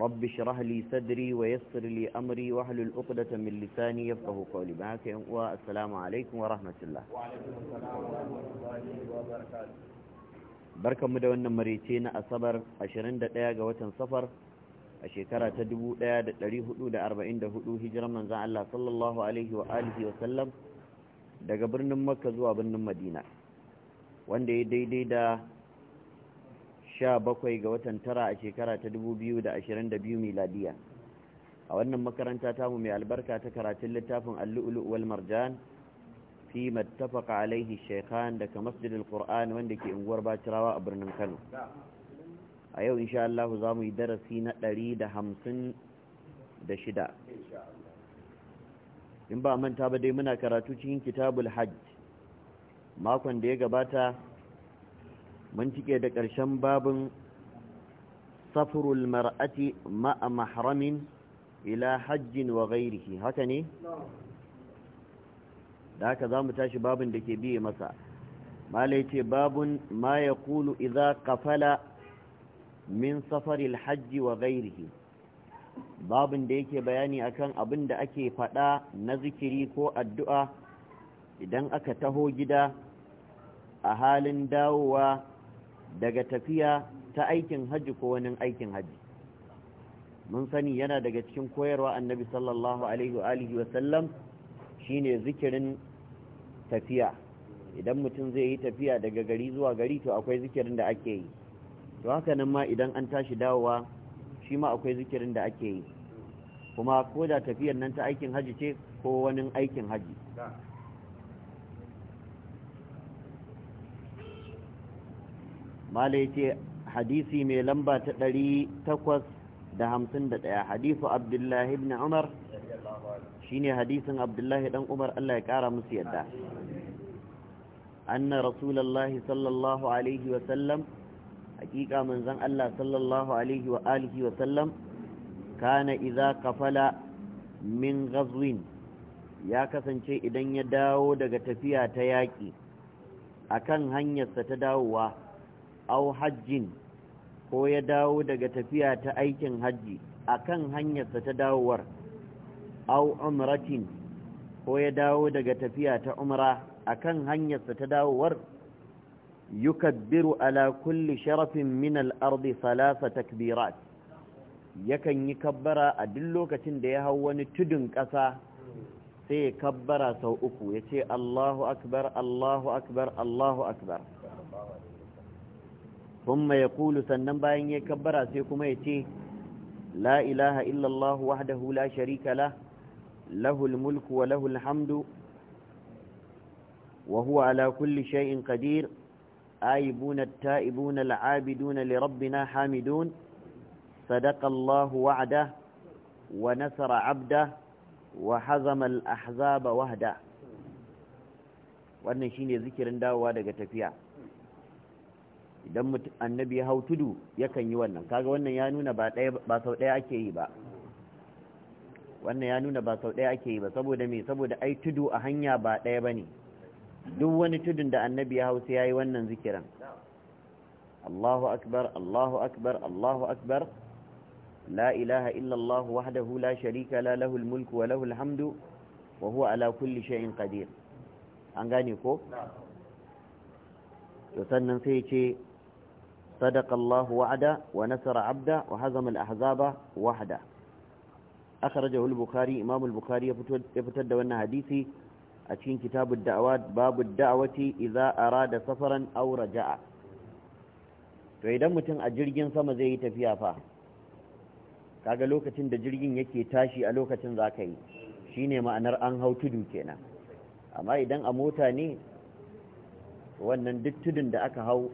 رب اشرح لي صدري ويسر لي amri wa عقدة من لساني يفقه قولي معك والسلام عليكم ورحمة الله وعليكم السلام ورحمة الله وبركاته barkan mu da wannan marice na asabar 21 ga watan safar a shekara ta 1444 hijiran manzon Allah sallallahu alaihi wa alihi wa sallam daga birnin Makka zuwa birnin Madina wanda ya daidai da sha bakwai ga watan tara a shekara ta dubu biyu da ashirin da biyu miladiya a wannan makaranta ta mu mai albarka ta karatun littafin allu'ulu wal marjan fi mattafaka alaihi shekhan daga masjidil qur'an wanda ke unguwar bacirawa a birnin kano a yau insha Allah za mu yi darasi na ɗari da hamsin da shida in ba manta ba dai muna karatu cikin kitabul hajj makon da ya gabata mun cike da ƙarshen babin safrul mar'ati ma'a mahramin ila hajjin wa ghairihi haka ne da haka za mu tashi babin da ke biye masa malai ce babun ma ya kulu iza kafala min safaril hajji wa ghairihi babin da yake bayani akan abin da ake faɗa na zikiri ko addu'a idan aka taho gida a halin dawowa daga tafiya ta aikin hajji ko wani aikin hajji mun sani yana daga cikin koyarwa annabi sallallahu alaihi wa alihi wa sallam zikirin tafiya idan mutum zai yi tafiya daga gari zuwa gari to akwai zikirin da ake yi to haka nan ma idan an tashi dawowa shi ma akwai zikirin da ake yi kuma ko da tafiyar nan ta aikin hajji ce ko wani aikin hajji mala ya ce hadisi mai lamba ta ɗari takwas da hamsin da ɗaya hadisu abdullahi ibn umar shi ne hadisin abdullahi ɗan umar allah ya ƙara musu yadda anna rasulallah sallallahu alaihi wasallam hakika manzan allah sallallahu alaihi wa alihi wasallam kana iza kafala min gazwin ya kasance idan ya dawo daga tafiya ta yaƙi kan hanyarsa ta dawowa au hajjin ko ya dawo daga tafiya ta aikin hajji akan hanyarsa ta dawowar au umratin ko ya dawo daga tafiya ta umra akan hanyarsa ta dawowar yukabbiru ala kulli sharafin min al-ardi salasa takbirat yakan yi kabbara a duk lokacin da ya hau wani tudun ƙasa sai ya kabbara sau uku ya ce Allahu akbar Allahu akbar Allahu akbar thumma yaqulu sannan bayan ya kabbara sai kuma ya ce la ilaha illallah wahdahu la sharika la lahul mulku wa lahul hamdu wa huwa ala kulli shay'in qadir آيبون hamidun العابدون لربنا حامدون wa nasara وعده wa عبده وحزم ahzaba وهده wannan shine zikirin dawowa daga tafiya idan annabi ya hau tudu yakan yi wannan kaga wannan ya nuna ba sau ɗaya ake yi ba wannan ya nuna ba sau ɗaya ake yi ba saboda me saboda ai tudu a hanya ba ɗaya ba ne duk wani tudun da annabi ya hau sai ya yi wannan zikiran Allahu akbar Allahu akbar Allahu akbar la ilaha illallah wahdahu la sharika la lahul mulku wa lahul hamdu wa huwa ala kulli shay'in qadir an gane ko to sannan sai ya ce sadaqallahu wa'ada wa nasara abda wa hazaman al-hazaba wa'ada aka raje hulbukari imamulbukari fitar da wannan hadisi a cikin kitabu da'awa babu da'awati idan a da safaran aure ja'a. to idan mutum a jirgin sama zai yi tafiya fa kaga lokacin da jirgin yake tashi a lokacin za ka yi shi ma'anar an hau tudu kenan amma idan a mota ne wannan duk tudun da aka hau.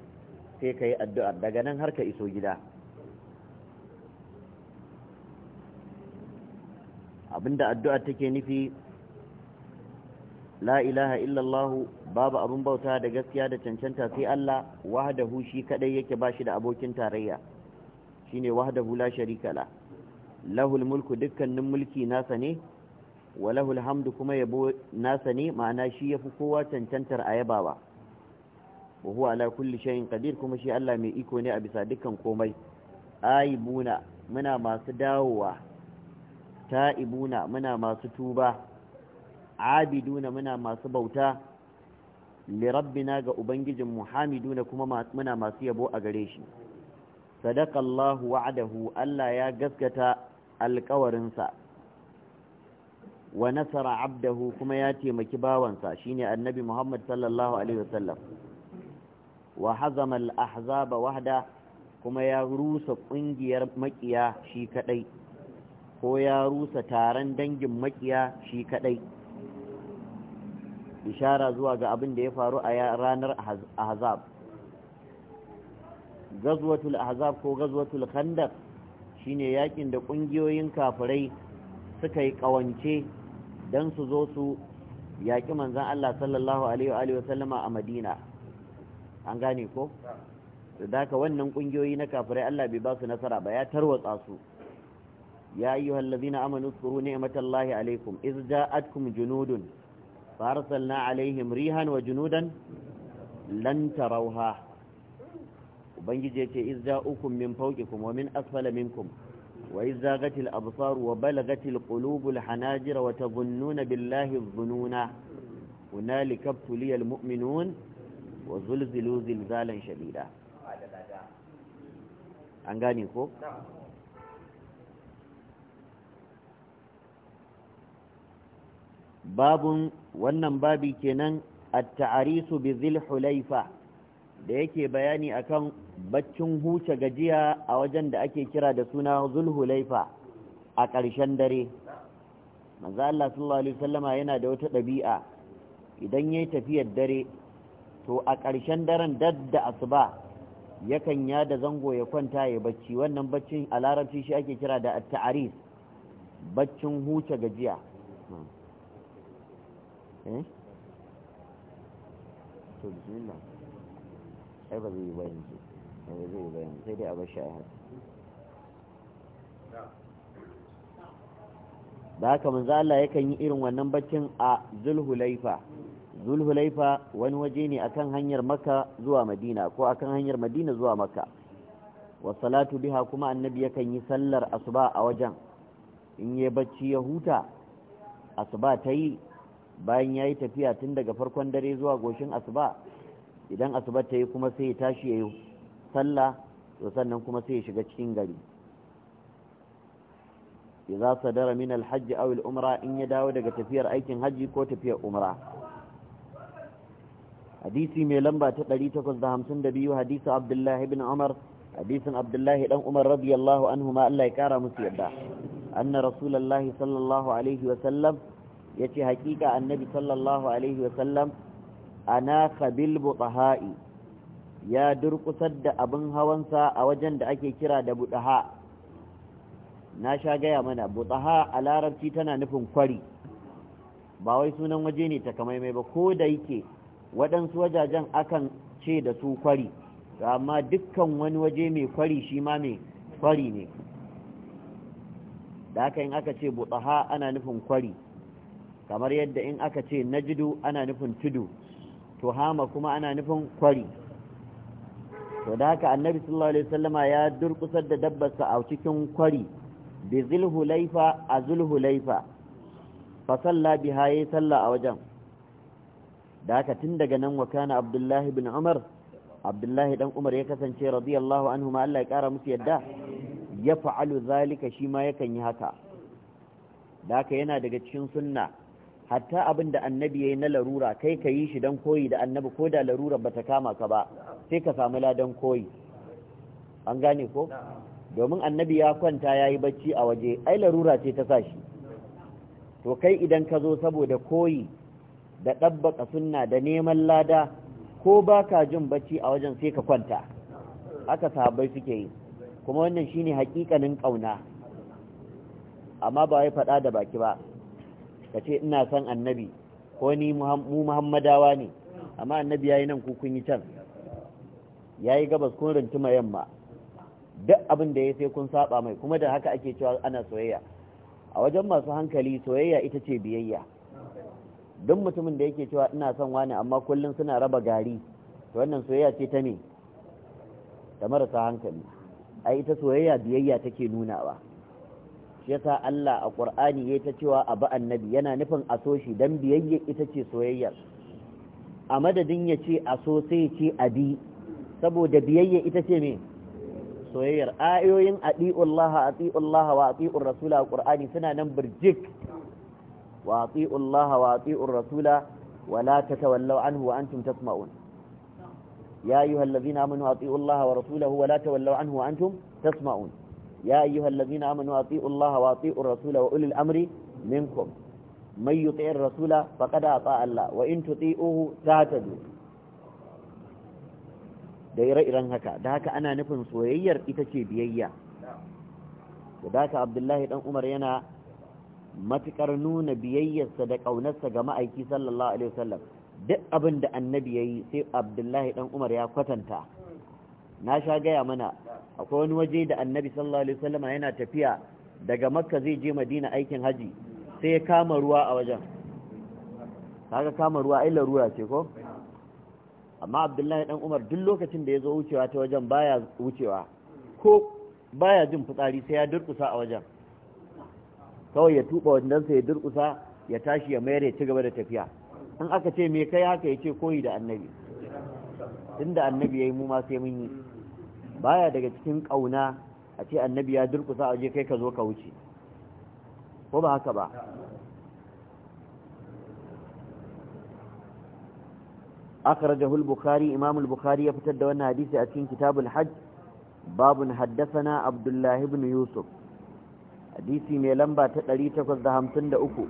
sai ka yi addu'ar daga nan har ka iso gida abinda addu'ar take nufi la ilaha illallah babu abin bauta da gaskiya da cancanta sai Allah wahadahu shi kadai yake bashi da abokin tarayya shine wahadahu la sharika la lahul mulku dukkanin mulki nasa ne wa lahul hamdu kuma yabo nasa ne ma'ana shi yafi kowa cancantar ayabawa wa huwa ala kulli shay'in qadir kuma shi Allah mai iko ne a bisa dukkan komai aibuna muna masu dawowa ta'ibuna muna masu tuba abiduna muna masu bauta li rabbina ga ubangijin muhamiduna kuma muna masu yabo a gare shi sadaqallahu wa'adahu Allah ya gaskata sa wa nasara abdahu kuma ya taimaki bawansa shine annabi Muhammad sallallahu alaihi wasallam wa hazama al-ahzaba wahda kuma ya rusa kungiyar makiya shi kadai ko ya rusa taron dangin makiya shi kadai ishara zuwa ga abin da ya faru a ranar ahzab gazwatul ahzab ko gazwatul khandaq shine yakin da kungiyoyin kafirai suka yi kawance dan su zo su yaki manzon Allah sallallahu alaihi wa sallama a Madina an gane ko da wannan kungiyoyi na kafirai Allah bai ba su nasara ba ya tarwatsa su ya ayyuhal ladina amanu zkuru ni'matallahi alaikum iz ja'atkum junudun farsalna alaihim rihan wa junudan lan tarawha ubangiji yace iz ja'ukum min fawqikum wa min asfala minkum wa iz zagatil absar wa balagatil qulubul hanajira wa tadhunnuna billahi dhununa hunalika ibtuliyal mu'minun wa zulzilu zilzalan shadida an gane ko babun wannan babi kenan at-ta'arisu bi zil hulaifa da yake bayani akan baccin huce gajiya a wajen da ake kira da suna zulhulaifa a ƙarshen dare manzo Allah sallallahu alaihi wasallama yana da wata ɗabi'a idan yayi tafiyar dare to a ƙarshen daren dadda asuba yakan ya da zango ya kwanta ya bacci wannan baccin a larabci shi ake kira da at-ta'aris baccin huce gajiya eh? to bismillah ai ba zai yi ba zai yi sai dai a a haka da haka manzo Allah yakan yi irin wannan baccin a Zulhulaifa zulhulaifa wani waje ne akan hanyar makka zuwa madina ko akan hanyar madina zuwa makka wasalatu biha kuma annabi yakan yi sallar asuba a wajen in ya bacci ya huta asuba ta yi bayan ya yi tafiya tun daga farkon dare zuwa goshin asuba idan asuba ta yi kuma sai ya tashi ya yi sallah to sannan kuma sai ya shiga cikin gari idza sadara min alhajj aw umra in ya dawo daga tafiyar aikin haji ko tafiyar umra hadisi mai lamba ta 852 hadisi abdullahi bin umar hadisin abdullahi dan umar radiyallahu anhu ma Allah ya kara musu yadda anna rasulullahi sallallahu alaihi wa sallam yace hakika annabi sallallahu alaihi wa sallam ana khabil butaha'i ya durkusar da abin hawansa a wajen da ake kira da butaha na sha gaya mana butaha a larabci tana nufin kwari ba wai sunan waje ne ta kamaimai ba ko da yake waɗansu wajajen akan ce da su kwari amma dukkan wani waje mai kwari shi ma mai kwari ne da haka in aka ce butaha ana nufin kwari kamar yadda in aka ce najidu ana nufin tudu hama kuma ana nufin kwari to da haka annabi sallallahu alaihi wasallama ya durkusar da dabbarsa a cikin kwari bi zulhulaifa a laifa fa salla biha yayi salla a wajen da aka tun daga nan wa kana abdullahi bin umar abdullahi dan umar ya kasance radiyallahu anhu ma Allah ya kara musu yadda ya fa'alu zalika shi ma yakan yi haka da aka yana daga cikin sunna hatta abin da annabi yi na larura kai ka yi shi dan koyi da annabi ko da larura bata kama ka ba sai ka samu ladan koyi an gane ko domin annabi ya kwanta ya yi bacci a waje ai larura ce ta sa shi to kai idan ka zo saboda koyi da ɗabbaka sunna da neman lada ko ba ka jin bacci a wajen sai ka kwanta aka sahabbai suke yi kuma wannan shine haƙiƙanin ƙauna amma ba wai faɗa da baki ba ka ce ina son annabi ko ni mu muhammadawa ne amma annabi ya yi nan kukun yi can Ya yi gabas kun rintuma yamma duk abin da ya sai kun saba mai kuma da haka ake cewa ana soyayya a wajen masu hankali soyayya ita ce biyayya duk mutumin da yake cewa ina son wani amma kullum suna raba gari to wannan soyayya ce ta ne ta marasa hankali A ita soyayya biyayya take nunawa shi yasa Allah a Qur'ani yayi ta cewa abu annabi yana nufin a so shi dan biyayya ita ce soyayyar a madadin ya ce a so sai ce abi saboda biyayya ita ce me soyayyar ayoyin adi'ullaha ati'ullaha wa ati'ur rasula a Qur'ani suna nan birjik وأطيعوا الله وأطيعوا الرسول ولا تتولوا عنه وأنتم تسمعون يا أيها الذين آمنوا أطيعوا الله ورسوله ولا تولوا عنه وأنتم تسمعون يا أيها الذين آمنوا أطيعوا الله وأطيعوا الرسول وأولي الأمر منكم من يطيع الرسول فقد أطاع الله وإن تطيعوه تهتدوا دايره ايران هكا haka انا haka ana nufin soyayyar ita ce biyayya da haka abdullahi dan umar yana matukar nuna biyayyarsa da ƙaunarsa ga ma'aiki sallallahu alaihi wasallam duk abin da annabi ya yi sai abdullahi dan umar ya kwatanta na sha gaya mana akwai wani waje da annabi sallallahu alaihi wasallam yana tafiya daga makka zai je madina aikin haji sai ya kama ruwa a wajen kaga kama ruwa ai larura ce ko amma abdullahi dan umar duk lokacin da ya zo wucewa ta wajen baya wucewa ko baya jin fitsari sai ya durkusa a wajen kawai ya tuba wandansa ya durkusa ya tashi ya mayar ya ci gaba da tafiya in aka ce me kai haka ya ce koyi da annabi tunda annabi ya mu ma sai mun yi baya daga cikin ƙauna a ce annabi ya durkusa a je kai ka zo ka wuce ko ba haka ba أخرجه البخاري إمام البخاري يفتد وأن hadisi أتين كتاب الحج باب حدثنا عبد الله بن yusuf. hadisi mai lamba ta 853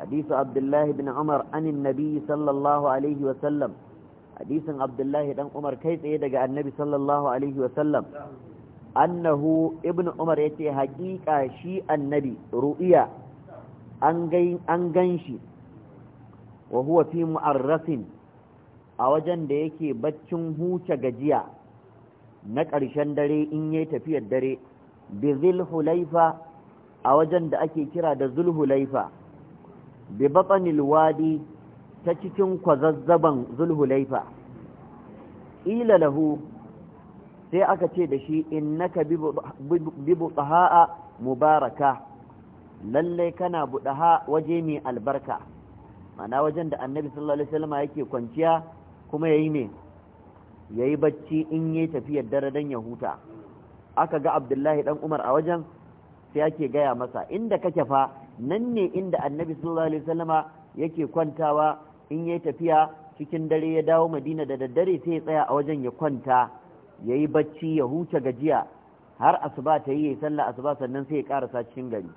hadisu abdullahi bin umar anin nabi sallallahu alaihi wasallam hadisin abdullahi dan umar kai tsaye daga annabi sallallahu alaihi wasallam annahu ibn umar ya ce haƙiƙa shi annabi ru'iya an gan shi wa huwa fi mu'arrafin a wajen da yake baccin huce gajiya na ƙarshen dare in yi tafiyar dare bizil hulaifa a wajen da ake kira da zulhulaifa bi batnil wadi ta cikin kwazazzaban zulhulaifa ila lahu sai aka ce da shi innaka bibu a mubaraka lallai kana buɗaha waje mai albarka mana wajen da annabi sallallahu alaihi wasallam yake kwanciya kuma yayi ne yayi bacci in yayi tafiyar dare dan ya huta aka ga abdullahi dan umar a wajen sai ake gaya masa inda kake fa nan ne inda annabi sallallahu alaihi wasallama yake kwantawa in yayi tafiya cikin dare ya dawo madina da daddare sai ya tsaya a wajen ya kwanta ya yi bacci ya huce gajiya har asuba ta yi ya yi sallah asuba sannan sai ya karasa cikin gari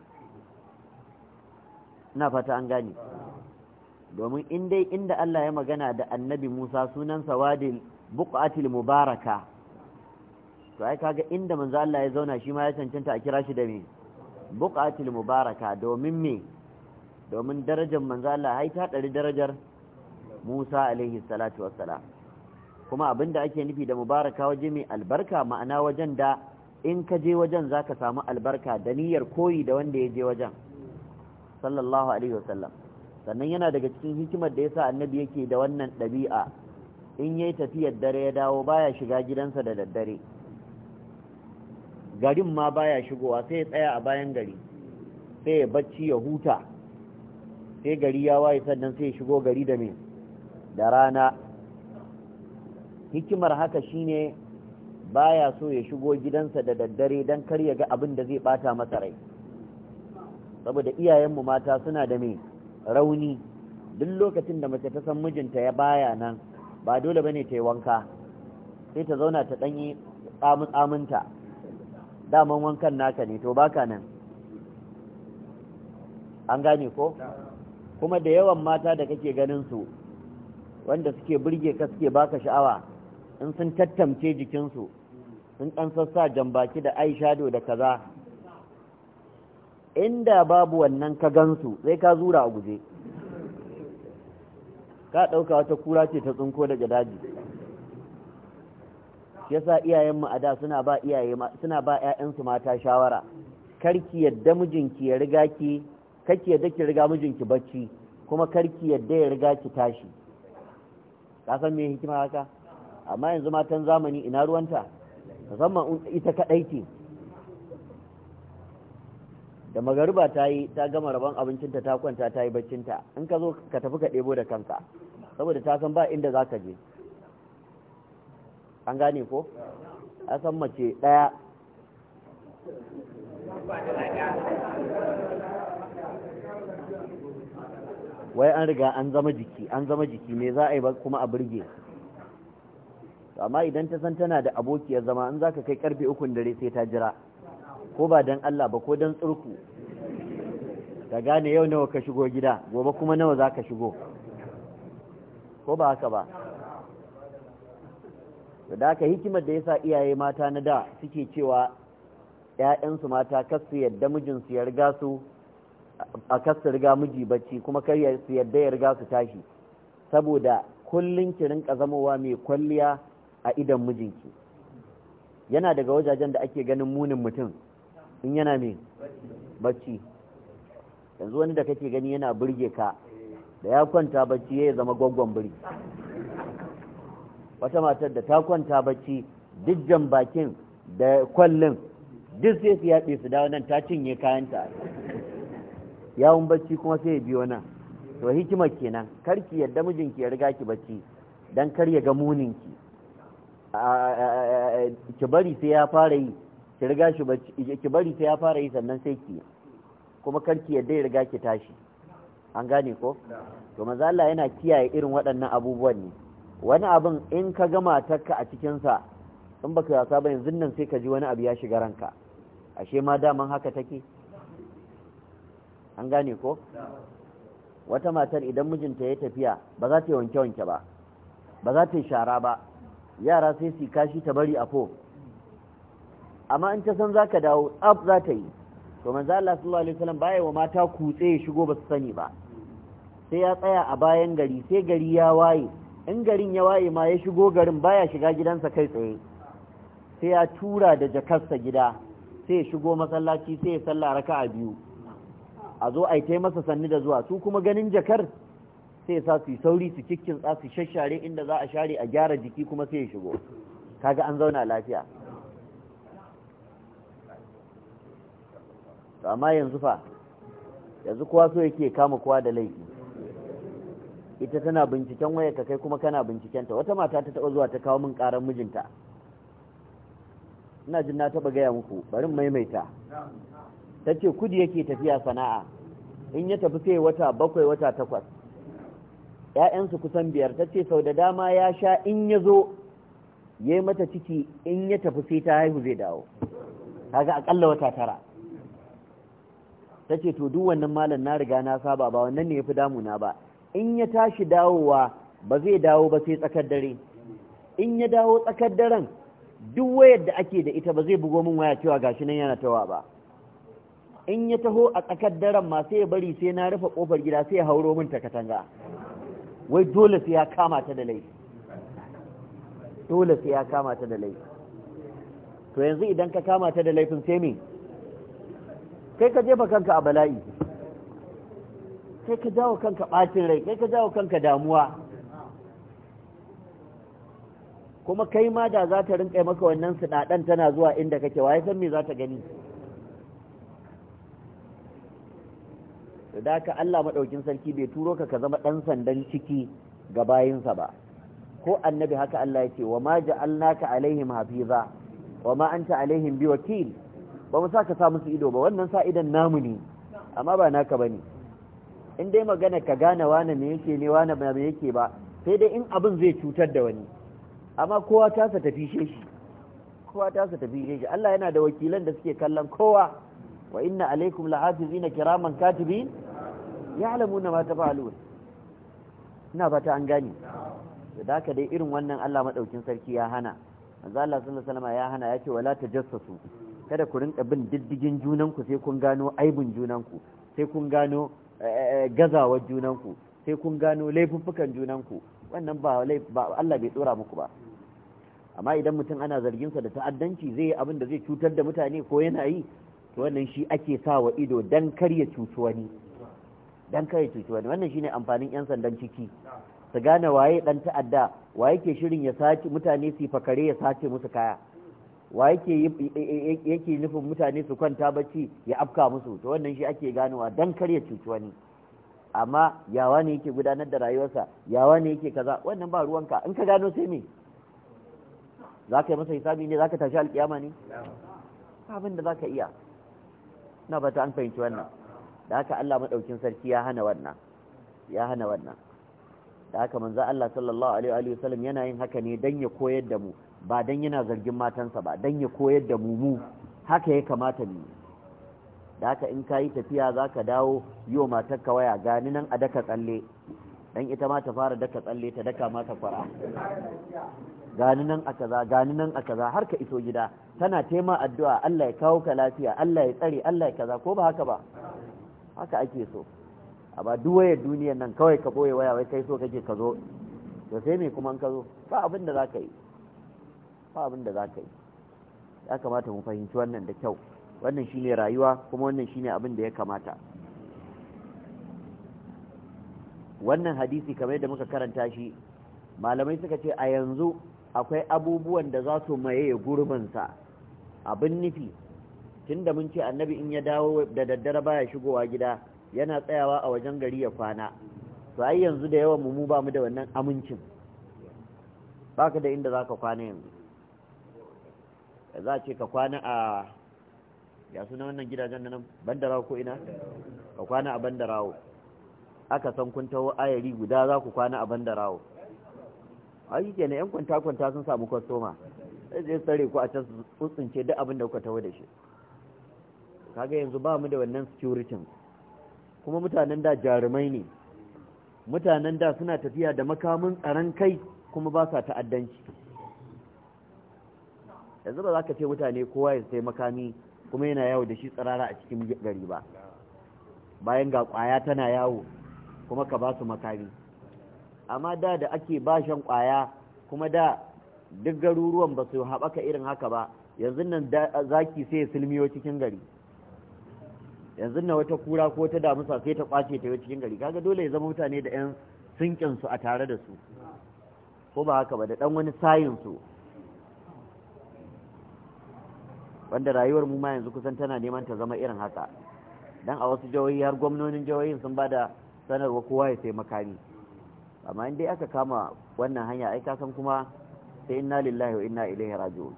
ina fata an gane domin in dai inda Allah ya magana da annabi Musa sunansa wadi buqatil mubaraka to ai kaga inda manzo Allah ya zauna shi ma ya cancanta a kira shi da me buƙatul mubaraka domin me domin darajar manzo Allah hai ta darajar Musa alaihi salatu wassalam kuma abinda ake nufi da mubaraka waje mai albarka ma'ana wajen da in ka je wajen zaka samu albarka da niyyar koyi da wanda ya je wajen sallallahu alaihi wasallam sannan yana daga cikin hikimar da yasa annabi yake da wannan ɗabi'a in yayi tafiyar dare ya dawo baya shiga gidansa da daddare garin ma baya shigowa sai ya tsaya a bayan gari sai ya bacci ya huta sai gari ya waye sannan sai ya shigo gari da me da rana hikimar haka shine baya so ya shigo gidansa da daddare don kar ya ga abin da zai bata masa rai saboda iyayenmu mata suna da me rauni duk lokacin da mace ta san mijinta ya baya nan ba dole bane ta yi wanka sai ta zauna ta ɗanyi tsamun tsamunta daman wankan naka ne to baka nan an gane ko kuma da yawan mata da kake ganin su wanda suke burge ka suke baka sha'awa in sun tattamce jikinsu sun ɗan sassa jambaki da aishado da kaza inda babu wannan ka gansu sai ka zura a guje ka ɗauka wata kura ce ta tsinko daga daji yasa iyayen mu a da suna ba iyaye suna ba ƴaƴansu mata shawara karki yadda mijinki ya riga ki kake yadda ki riga mijinki bacci kuma karki yadda ya riga ki tashi ka san me hikima haka amma yanzu matan zamani ina ruwanta musamman ita kadai ce da magariba ta yi ta gama rabon abincinta ta kwanta ta yi baccinta in ka zo ka tafi ka ɗebo da kanka saboda ta san ba inda za ka je an gane ko a san mace ɗaya wai an riga an zama jiki an zama jiki ne za a yi kuma a birge amma idan ta san tana da abokiyar zama in za ka kai karfe ukun dare sai ta jira ko ba don Allah ba ko don tsurku ka gane yau nawa ka shigo gida gobe kuma nawa za ka shigo ko ba haka ba da haka hikimar da yasa iyaye mata na da suke cewa ‘ya'yansu mata kar su yadda mijinsu ya riga su a kar riga miji bacci kuma kar su yadda ya riga su tashi saboda kullum ki rinka mai kwalliya a idan mijinki yana daga wajajen da ake ganin munin mutum in yana mai bacci yanzu wani da kake gani yana burge ka da ya kwanta bacci ya zama gwaggon biri wata matar da ta kwanta bacci duk jan bakin da kwallin duk sai su yaɗe su dawo nan ta cinye kayanta yawon bacci kuma sai ya biyo nan to hikimar kenan karki yadda mijinki ya riga ki bacci dan kar ya ga muninki ki bari sai ya fara yi ki riga shi bacci ki bari sai ya fara yi sannan sai ki kuma karki yadda ya riga ki tashi an gane ko to manzo Allah yana kiyaye irin waɗannan abubuwan ne wani abin in ka ga matarka a cikinsa in baka yasa ba yanzu nan sai ka ji wani abu ya shiga ranka ashe ma daman haka take an gane ko wata matar idan mijinta ya tafiya ba za ta yi wanke-wanke ba ba za ta yi shara ba yara sai su kashi ta bari a fo amma in ta san za ka dawo tsaf za ta yi to manzo Allah sallallahu alaihi wasallam baya wa mata kutse ya shigo ba su sani ba sai ya tsaya a bayan gari sai gari ya waye in garin ya waye ma ya shigo garin baya shiga gidansa kai tsaye sai ya tura da jakarsa gida sai ya shigo masallaci sai ya raka a biyu a zo a tai masa sanni da zuwa su kuma ganin jakar sai sa su sauri su kikkin tsa su shashare inda za a share a gyara jiki kuma sai ya shigo kaga an zauna lafiya amma yanzu fa yanzu kowa so yake kama kowa da laifi ita tana binciken waya ka kai kuma kana binciken ta wata mata ta taɓa zuwa ta kawo min ƙaran mijinta ina jin na taɓa gaya muku barin maimaita ta ce kudi yake tafiya sana'a in ya tafi sai wata bakwai wata takwas ‘ya'yansu kusan biyar ta ce sau da dama ya sha in ya zo ya yi mata ciki in ya tafi sai ta haihu zai dawo kaga akalla wata tara ta ce to duk wannan malam na riga na saba ba wannan ne ya fi damuna ba in ya tashi dawowa ba zai dawo ba sai tsakar dare in ya dawo tsakar daren duk wayar da ake da ita ba zai bugo min waya cewa gashi nan yana tawa ba in ya taho a tsakar daren ma sai ya bari sai na rufe kofar gida sai ya hauro min ta katanga wai dole sai ya kama ta da laifi dole sai ya kama ta da laifi to yanzu idan ka kama ta da laifin sai me kai ka jefa kanka a bala'i kai ka jawo kanka ɓacin rai kai ka jawo kanka damuwa kuma kai ma da za ta rinƙa maka wannan suɗaɗen tana zuwa inda kake waye san me za ta gani da ka Allah maɗaukin sarki bai turo ka ka zama ɗan sandan ciki ga bayinsa ba ko annabi haka Allah ya ce wa ma ja'alnaka alaihim hafiza wa ma anta alaihim biwakil ba mu saka sa musu ido ba wannan sa idan namu ne amma ba naka bane in dai magana ka gane wane ne yake ne wane ba yake ba sai dai in abin zai cutar da wani amma kowa ta sa tafi sheshi kowa ta sa tafi sheshi Allah yana da wakilan da suke kallon kowa wa inna alaikum lahafizina kiraman katibin ya'lamuna ma tafalun ina ta an gane da haka dai irin wannan Allah madaukin sarki ya hana manzo Allah sallallahu alaihi wasallam ya hana yace wala tajassasu kada ku rinka bin diddigin junanku sai kun gano aibin junanku sai kun gano gazawar junanku sai kun gano laifuffukan junanku wannan ba Allah bai tsora muku ba amma idan mutum ana zargin sa da ta'addanci zai yi abin da zai cutar da mutane ko yana yi to wannan shi ake sa wa ido dan kar ya cuci wani dan kar ya wani wannan shine amfanin yan sandan ciki su gane waye dan ta'adda waye ke shirin ya sace mutane su fakare ya sace musu kaya wa yake yake nufin mutane su kwanta bacci ya afka musu to wannan shi ake ganowa dan kar ya cuci wani amma yawa ne yake gudanar da rayuwarsa yawa ne yake kaza wannan ba ruwanka in ka gano sai me za ka yi masa hisabi ne za ka tashi alkiyama ne abin da za ka iya na ba ta an fahimci wannan da haka Allah maɗaukin sarki ya hana wannan ya hana wannan da haka manzo Allah sallallahu alaihi wa sallam yana yin haka ne dan ya koyar da mu ba dan yana zargin matansa ba dan ya koyar da mumu haka ya kamata mu da haka in kayi tafiya za ka dawo yi wa matarka waya gani nan a daka tsalle dan ita ma ta fara daka tsalle ta daka mata kwara gani nan a kaza gani nan a kaza har ka iso gida tana tema addu'a Allah ya kawo ka lafiya Allah ya tsare Allah ya kaza ko ba haka ba haka ake so a ba duk wayar duniyar nan kawai ka boye waya wai kai so kake ka zo to sai me kuma an ka zo ba abin da za ka yi ba abin da za ka yi ya kamata mu fahimci wannan da kyau wannan ne rayuwa kuma wannan ne abin da ya kamata wannan hadisi kamar yadda muka karanta shi malamai suka ce a yanzu akwai abubuwan da za su maye gurbinsa abin nufi tun da mun ce annabi in ya dawo da daddare baya shigowa gida yana tsayawa a wajen gari ya kwana to ai yanzu da yawan mu ba mu da wannan amincin baka da inda zaka kwana yanzu za a ce ka kwana a ya suna wannan gidajen nan bandarawo ko ina ka kwana a bandarawo aka san kun taho ayari guda za ku kwana a bandarawo ai ke na yan kwanta kwanta sun samu kwastoma sai zai tsare ku a can tsuntsince duk abin da kuka taho da shi kaga yanzu ba mu da wannan security kuma mutanen da jarumai ne mutanen da suna tafiya da makamin tsaron kai kuma ba sa ta'addanci yanzu ba za ka ce mutane kowa ya sai makami kuma yana yawo da shi tsirara a cikin gari ba bayan ga kwaya tana yawo kuma ka ba su makami amma da da ake ba shan kwaya kuma da duk garuruwan ba su haɓaka irin haka ba yanzu nan zaki sai silmiyo cikin gari yanzu na wata kura ko ta damusa sai ta kwace ta yi cikin gari kaga dole ya zama mutane da 'yan sinkin su a tare da su ko ba haka ba da ɗan wani sayin su wanda rayuwar mu ma yanzu kusan tana neman ta zama irin haka dan a wasu jihohi har gwamnonin jihohi sun bada sanarwa kowa ya sai makami amma in dai aka kama wannan hanya ai kasan kuma sai inna lillahi wa inna ilaihi raji'un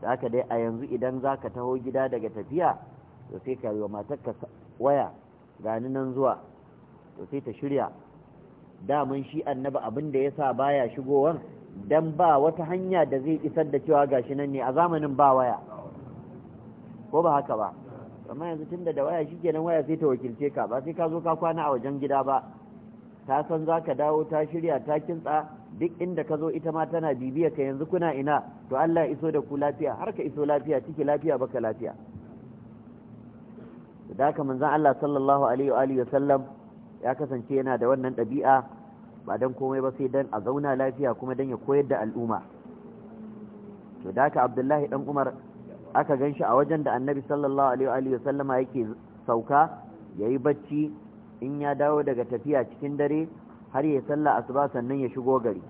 da haka dai a yanzu idan zaka taho gida daga tafiya to sai ka yi matarka waya gani nan zuwa to sai ta shirya daman shi annaba abin da yasa baya shigowan dan ba wata hanya da zai isar da cewa gashi nan ne a zamanin ba waya ko ba haka ba amma yanzu tun da waya kenan waya sai ta wakilce ka ba sai ka zo ka kwana a wajen gida ba ta san za ka dawo ta shirya ta kintsa duk inda ka zo ita ma tana bibiya ka yanzu kuna ina to Allah iso da ku lafiya har ka iso lafiya ciki lafiya baka lafiya da haka manzon Allah sallallahu alaihi wa alihi sallam ya kasance yana da wannan ɗabi'a ba dan komai ba sai dan a zauna lafiya kuma dan ya koyar da al'umma to da haka Abdullahi dan Umar aka gan shi a wajen da annabi sallallahu alaihi wa wasallama yake sauka ya yi bacci in ya dawo daga tafiya cikin dare har ya sallah asuba sannan ya shigo gari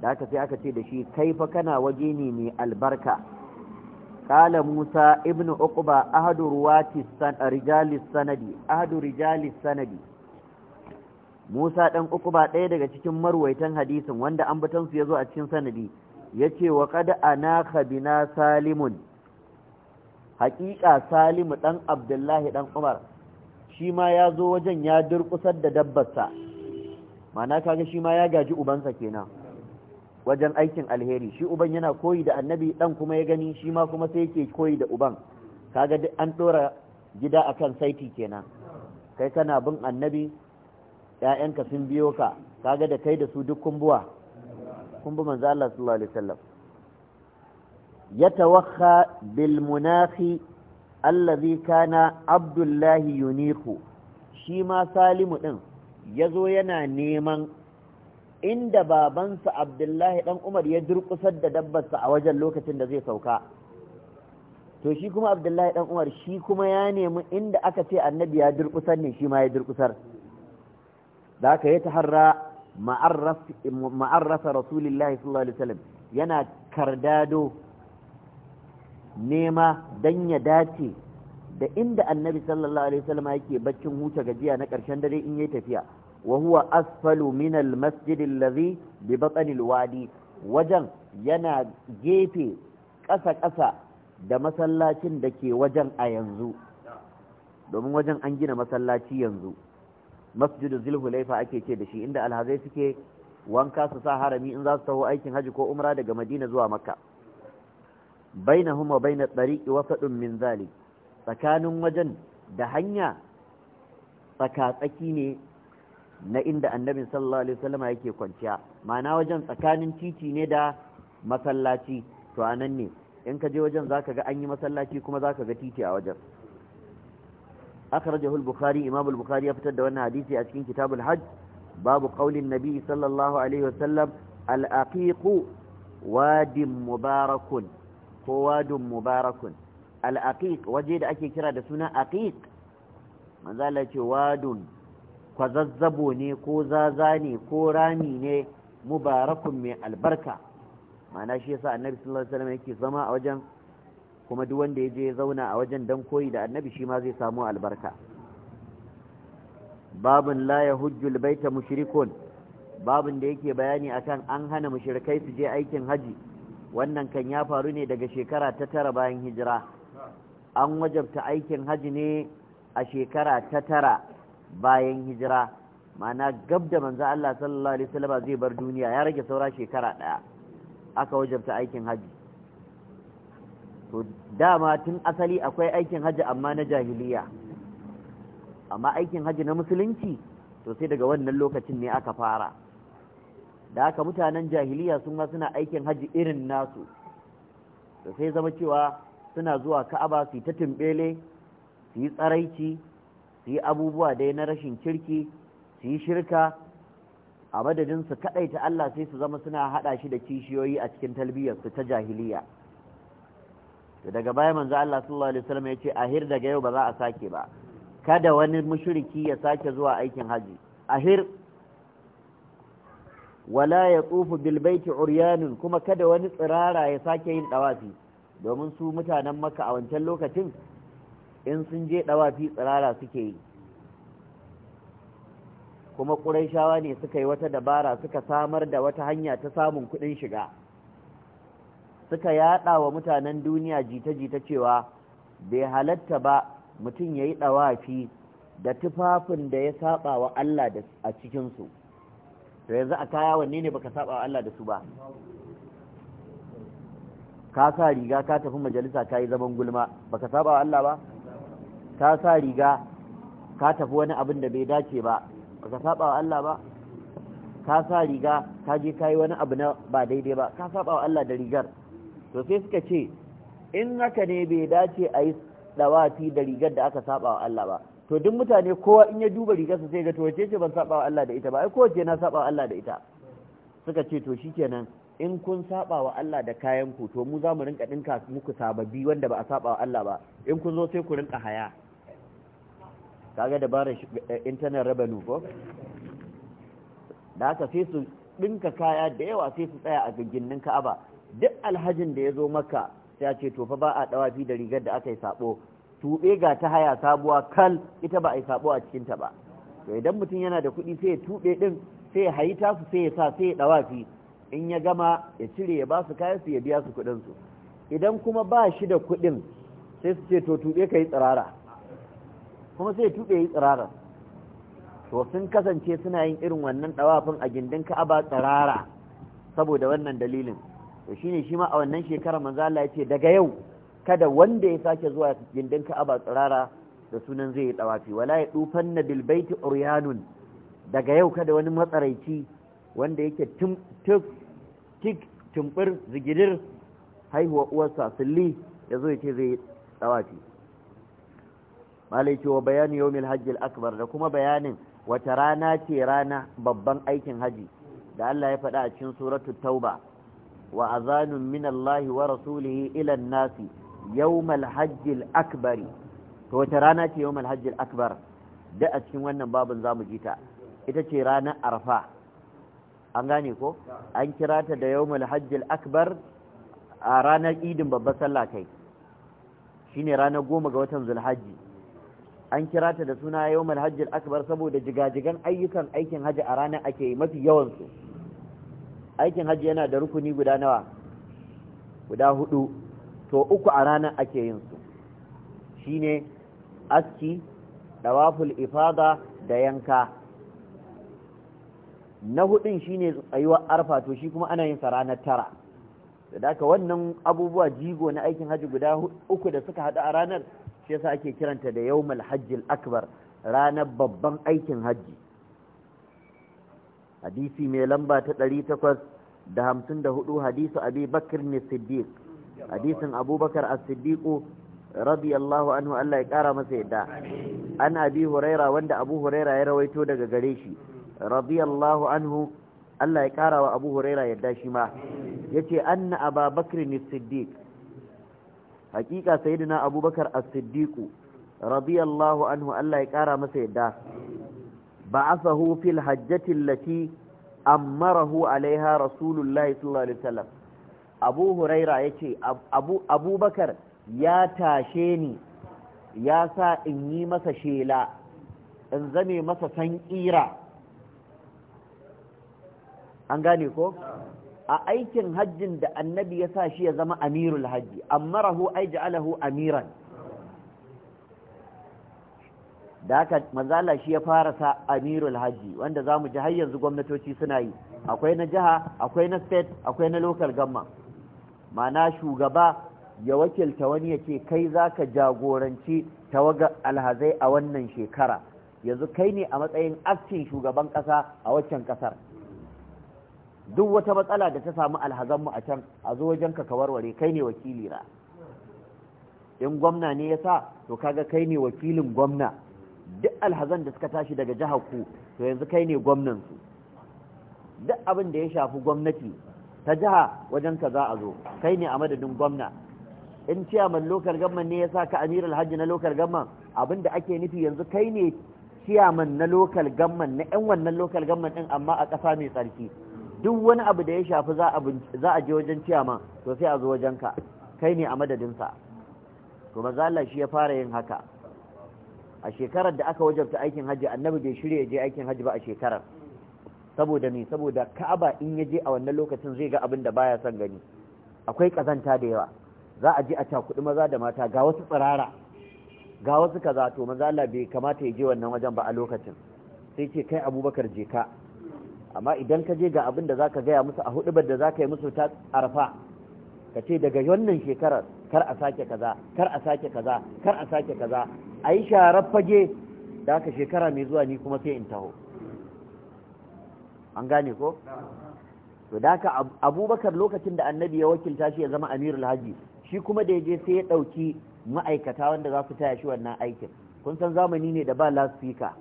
da aka sai aka ce da shi kai fa kana waje ne mai albarka qala musa ibnu uqba ahadu ruwati rijalis sanadi ahadu rijalis sanadi musa dan uqba ɗaya daga cikin marwaitan hadisin wanda an su yazo a cikin sanadi yace wa qad ana bina salimun haƙiƙa salimu ɗan abdullahi ɗan umar shi ma ya zo wajen ya durƙusar da dabbarsa mana kaga shi ma ya gaji ubansa kenan wajen aikin alheri shi uban yana koyi da annabi ɗan kuma ya gani shi ma kuma sai yake koyi da uban kaga duk an ɗora gida akan saiti kenan kai kana bin annabi ‘ya'yanka sun biyo ka kaga da kai da su duk kumbuwa kumbu manzo Allah sallallahu alaihi wasallam يتوخى بالمناخي الذي كان عبد الله ينيخ شيما سالم دين يزو yana neman inda babansa Abdullahi dan Umar ya durƙusar da dabbarsa a wajen lokacin da zai sauka to shi kuma Abdullahi dan Umar shi kuma ya nemi inda aka ce annabi ya durƙusar ne shi ma ya durƙusar da aka yi taharra ma'arrafa rasulillahi sallallahu alaihi wasallam yana kardado nema dan ya dace da inda annabi sallallahu alaihi wasallam yake baccin huta gajiya na ƙarshen dare in yayi tafiya wa huwa asfalu min al-masjid alladhi bi batn al-wadi wajen yana gefe ƙasa-ƙasa da masallacin da ke wajen a yanzu domin wajen an gina masallaci yanzu masjidu zulhulaifa ake ce da shi inda alhazai suke wanka su sa harami in za su taho aikin haji ko umra daga madina zuwa makka bainahum huma bain at-tariqi wasadun min zalik tsakanin wajen da hanya tsakatsaki ne na inda annabi sallallahu alaihi yake kwanciya ma'ana wajen tsakanin titi ne da masallaci to anan ne in ka je wajen zaka ga an yi masallaci kuma zaka ga titi a wajen akhrajahu al-bukhari imam al-bukhari ya fitar da wannan hadisi a cikin kitabul hajj babu qaulin nabi sallallahu alaihi wasallam al-aqiqu wadin mubarakun ko wadun mubarakun al'aqiq waje da ake kira da suna aqiq manzala ce wadun kwazazzabo ne ko zaza ne ko rami ne mubarakun mai albarka mana shi yasa annabi sallallahu alaihi wasallam yake zama a wajen kuma duk wanda ya je ya zauna a wajen dan koyi da annabi shi ma zai samu albarka babun la yahujjul baita mushrikun babun da yake bayani akan an hana mushrikai su je aikin haji wannan kan ya faru ne daga shekara ta tara bayan hijira an wajabta aikin hajji ne a shekara ta tara bayan hijira mana gab da manzo Allah sallallahu alaihi wasallam zai bar duniya ya rage saura shekara daya aka wajabta aikin hajji. to dama tun asali akwai aikin hajji amma na jahiliya amma aikin hajji na musulunci to sai daga wannan lokacin ne aka fara da aka mutanen jahiliya sun ma suna aikin haji irin nasu da sai zama cewa suna zuwa ka'aba su yi ta tumbele su yi tsaraici su yi abubuwa dai na rashin kirki su yi shirka a madadin su ta Allah sai su zama suna haɗa shi da kishiyoyi a cikin talbiyarsu ta jahiliya to daga baya manzo Allah sallallahu alaihi wasallam ya ce ahir daga yau ba za a sake ba kada wani mushriki ya sake zuwa aikin haji ahir wala ya tsufu bilbaiti uryanun kuma kada wani tsirara ya sake yin ɗawafi domin su mutanen maka a wancan lokacin in sun je ɗawafi tsirara suke yi kuma ƙuraishawa ne suka yi wata dabara suka samar da wata hanya ta samun kuɗin shiga suka yaɗa wa mutanen duniya jita-jita cewa bai halatta ba mutum ya yi ɗawafi da tufafin da ya saba wa Allah a cikinsu to yanzu a kaya wanne ne baka saba Allah da su ba ka sa riga ka tafi majalisa ka yi zaman gulma baka saba Allah ba ka sa riga ka tafi wani abin da bai dace ba baka saba Allah ba ka sa riga ka je ka yi wani abu na ba daidai ba ka saba Allah da rigar to sai suka ce in haka ne bai dace a yi dawafi da rigar da aka saba wa Allah ba to duk mutane kowa in ya duba rigarsa sai ga to wace ce ban saba wa Allah da ita ba ai kowace na saba wa Allah da ita suka ce to shikenan in kun saba wa Allah da kayan ku to mu za mu rinka dinka muku sababbi wanda ba a saba wa Allah ba in kun zo sai ku rinka haya kaga dabarar eh, eh, internet revenue ko da haka sai su dinka kaya da yawa sai su tsaya a ka Ka'aba duk alhajin da ya zo maka sai ce to fa ba a dawafi da rigar da aka yi sabo Tube ga ta haya sabuwa kal ita ba a yi sabo a cikinta ba to idan mutum yana da kuɗi sai ya tuɓe ɗin sai ya hayi tasu sai ya sa sai ya ɗawafi in ya gama ya cire ya ba su kayan su ya biya su kuɗin su idan kuma ba shi da kuɗin sai su ce to tuɓe ka yi tsirara kuma sai ya tuɓe ya yi tsirara to sun kasance suna yin irin wannan ɗawafin a gindin ka'aba tsirara saboda wannan dalilin to shine shi ma a wannan shekarar manzo Allah ya ce daga yau kada wanda ya sake zuwa gindin ka'aba tsirara da sunan zai yi tsawafi, wala ya dufan na bilbaiti uryanun daga yau kada wani matsaraici wanda yake tik tumbir zigidir haihuwa uwarsa sulli ya zo ce zai yi tsawafi. malai ce wa bayani yawmil hajjil akbar da kuma bayanin wata rana ce rana babban aikin haji da Allah ya faɗa a cikin suratul tauba wa azanun min Allah wa rasulihi Ilan nasi yawmal hajjil akbari to wata rana ce yawmal hajjil akbar da a cikin wannan babin zamu ji ta ita ce ranar arfa an gane ko an kira ta da yawmal hajjil akbar a ranar idin babbar sallah kai shine ranar goma ga watan zulhajji an kira ta da suna yawmal hajjil akbar saboda jigajigan ayyukan aikin hajji a ranar ake yi mafi yawansu aikin hajji yana da rukuni guda nawa guda hudu to uku a ranar ake yin su shine aski ɗawaful ifada da yanka na hudun shine tsayuwar arfa to shi kuma ana yinsa ranar tara da daga wannan abubuwa jigo na aikin hajji guda uku da suka haɗu a ranar shi yasa ake kiranta da yau hajjil akbar ranar babban aikin hajji hadisi mai lamba ta 854 hadisu abi bakr ne siddiq hadisin abubakar as-siddiqu radiyallahu anhu Allah ya kara masa yadda an abi huraira wanda abu huraira ya rawaito daga gare shi radiyallahu anhu Allah ya kara wa abu huraira yadda shi ma yace anna ababakr as-siddiq hakika sayyidina abubakar as-siddiq radiyallahu anhu Allah ya kara masa yadda ba'athahu fil hajjati allati amarahu alaiha rasulullahi sallallahu alaihi wasallam abu huraira ya ce abubakar ya tashe ni ya sa in yi masa shela in zame masa san ƙira an gane ko a aikin hajjin da annabi ya sa shi ya zama amirul hajji amma rahu ai ja'alahu amiran da aka manzala shi ya fara sa amirul hajji wanda za mu ji har yanzu gwamnatoci suna yi akwai na jiha akwai na state akwai na local government Ma'ana shugaba ya wakilta wani ya ce kai za ka jagoranci tawaga alhazai a wannan shekara yanzu kai ne a matsayin askin shugaban ƙasa a waccan ƙasar duk wata matsala da ta samu alhazanmu a can a zo wajen ka warware kai ne wakili ra in gwamna ne ya sa to kaga kai ne wakilin gwamna duk alhazan da suka tashi daga jihar ku to yanzu kai ne gwamnansu duk abin da ya shafi gwamnati ta jiha wajen za a zo kai ne a madadin gwamna in ciyaman lokar gamman ne ya sa ka amiral hajji na lokar gamman abin da ake nufi yanzu kai ne ciyaman na lokar gamman na 'yan wannan lokar gamman din amma a ƙasa mai tsarki duk wani abu da ya shafi za a je wajen ciyaman to sai a zo wajen ka kai ne a madadinsa to maza Allah shi ya fara yin haka a shekarar da aka wajabta aikin hajji annabi bai shirya je aikin hajji ba a shekarar saboda me saboda ka'aba in ya je a wannan lokacin zai ga abin da baya son gani akwai kazanta da yawa za a je a kuɗi maza da mata ga wasu tsirara ga wasu kaza to maza Allah bai kamata ya je wannan wajen ba a lokacin sai ce kai abubakar je ka amma idan ka je ga abin da zaka gaya musu a hudubar da zaka yi musu ta arfa ka ce daga wannan shekarar kar a sake kaza kar a sake kaza kar a sake kaza a yi sharar fage da aka shekara mai zuwa ni kuma sai in taho an gane ko to da haka abubakar lokacin da annabi ya wakilta shi ya zama amirul haji shi kuma da ya je sai ya ɗauki ma'aikata wanda za su taya shi wannan aikin kun san zamani ne da ba lasfika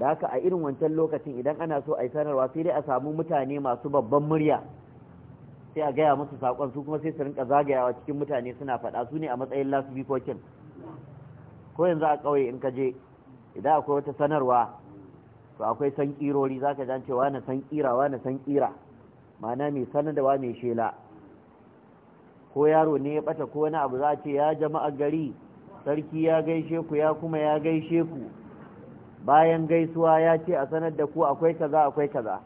da haka a irin wancan lokacin idan ana so a yi sanarwa sai dai a samu mutane masu babban murya sai a gaya musu sakon su kuma sai su rinka zagayawa cikin mutane suna faɗa su ne a matsayin lasfikokin ko yanzu a ƙauye in ka je idan akwai wata sanarwa to akwai san kirori zaka jan cewa na san kira wa na san kira ma'ana mai sanarwa mai shela ko yaro ne ya bata ko wani abu za ce ya jama'a gari sarki ya gaishe ku ya kuma ya gaishe ku bayan gaisuwa ya ce a sanar da ku akwai kaza akwai kaza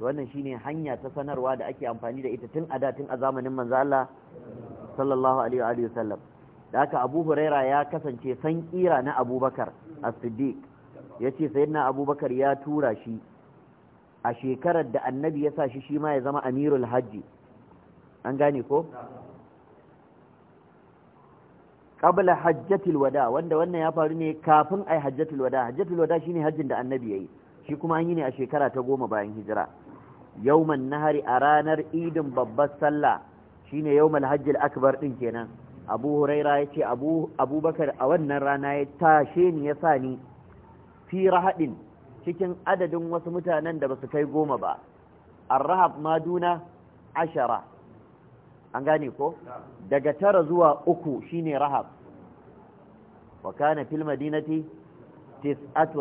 wannan shine hanya ta sanarwa da ake amfani da ita tun a da tun a zamanin manzo Allah sallallahu alaihi wa sallam da haka Abu Huraira ya kasance san kira na Abubakar As-Siddiq ya ce na abubakar ya tura shi a shekarar da annabi ya sa shi shi ma ya zama amirul hajji an gane ko? ƙabla hajjatul wada wanda wannan ya faru ne kafin ai hajjatul wada hajjatul wada ne hajjin da annabi ya yi shi kuma an yi ne a shekara ta goma bayan hijira yawman nahari a ranar idin babbar sallah shi yau yawmal hajjil akbar din kenan abu huraira yace abu abubakar a wannan rana ya tashe ni ya sa ni fira haɗin cikin adadin wasu mutanen da ba su kai goma ba An arrahab maduna ashara an gane ko daga tara zuwa uku shine rahab wa kana fil madinati tis'atu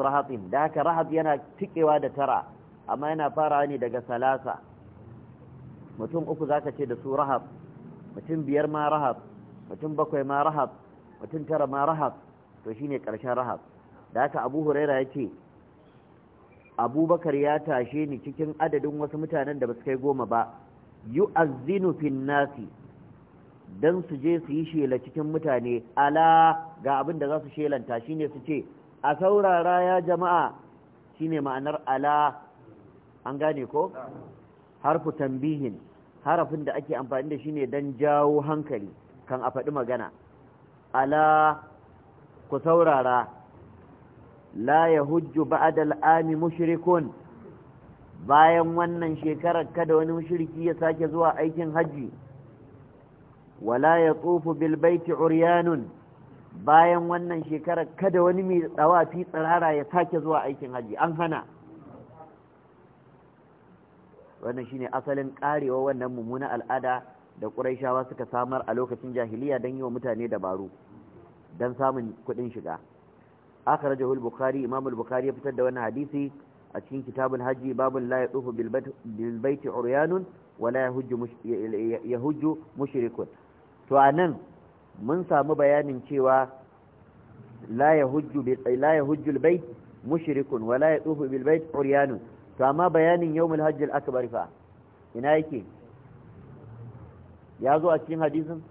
da haka rahab yana tikewa da tara amma yana fara ne daga salasa mutum uku zaka ce da su rahab mutum biyar ma rahab mutum bakwai ma rahab mutum tara ma rahab to shine karshen rahab da haka abu huraira ya ce abubakar ya tashe ni cikin adadin wasu mutanen da ba su kai goma ba yu'azzinu fin nasi don su je su yi shela cikin mutane ala ga abin da za su shelanta shine su ce a saurara ya jama'a shine ma'anar ala an gane ko harfu tambihin harafin da ake amfani da shi ne don jawo hankali kan a faɗi magana ala ku saurara لا يهج بعد al'ami مشركون bayan wannan shekarar kada wani mushriki ya sake zuwa aikin haji wala yatufu bil baiti uryanun bayan wannan shekarar kada wani mai tsawafi tsirara ya sake zuwa aikin haji an hana wannan shine asalin karewa wannan mummuna al'ada da ƙuraishawa suka samar a lokacin jahiliya don yi wa mutane dabaru don samun kuɗin shiga akhrajahu al-bukhari imam al ya fitar da wannan hadisi a cikin kitabul hajji babul la yadufu bil baiti wala yahujju yahujju mushrikun to anan mun samu bayanin cewa la yahujju mushrikun wala yadufu bil bait to amma bayanin yawmul hajj al-akbar fa ina yake ya zo a cikin hadisin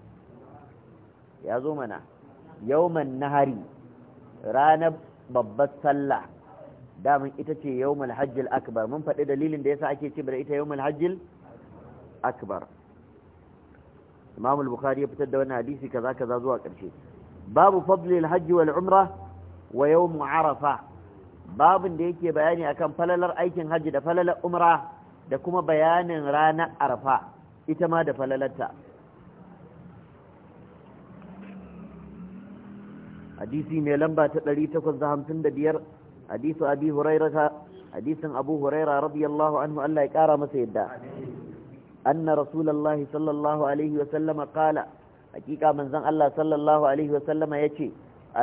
ya zo mana yawman nahari ranar babbar sallah damin ita ce yawmul hajjil akbar mun faɗi dalilin da yasa ake ce da ita yawmul hajjil akbar imam bukari ya fitar da wani hadisi kaza kaza zuwa ƙarshe babu fadlil hajji wal umra wa yawm arafa babin da yake bayani akan falalar aikin hajji da falalar umra da kuma bayanin ranar arafa ita ma da falalarta hadisi mai lamba ta 855 hadisu abi hurairata hadisin abu huraira radiyallahu anhu Allah ya kara masa yadda anna rasulullahi sallallahu alaihi wa sallama qala hakika manzon Allah sallallahu alaihi wa sallama yace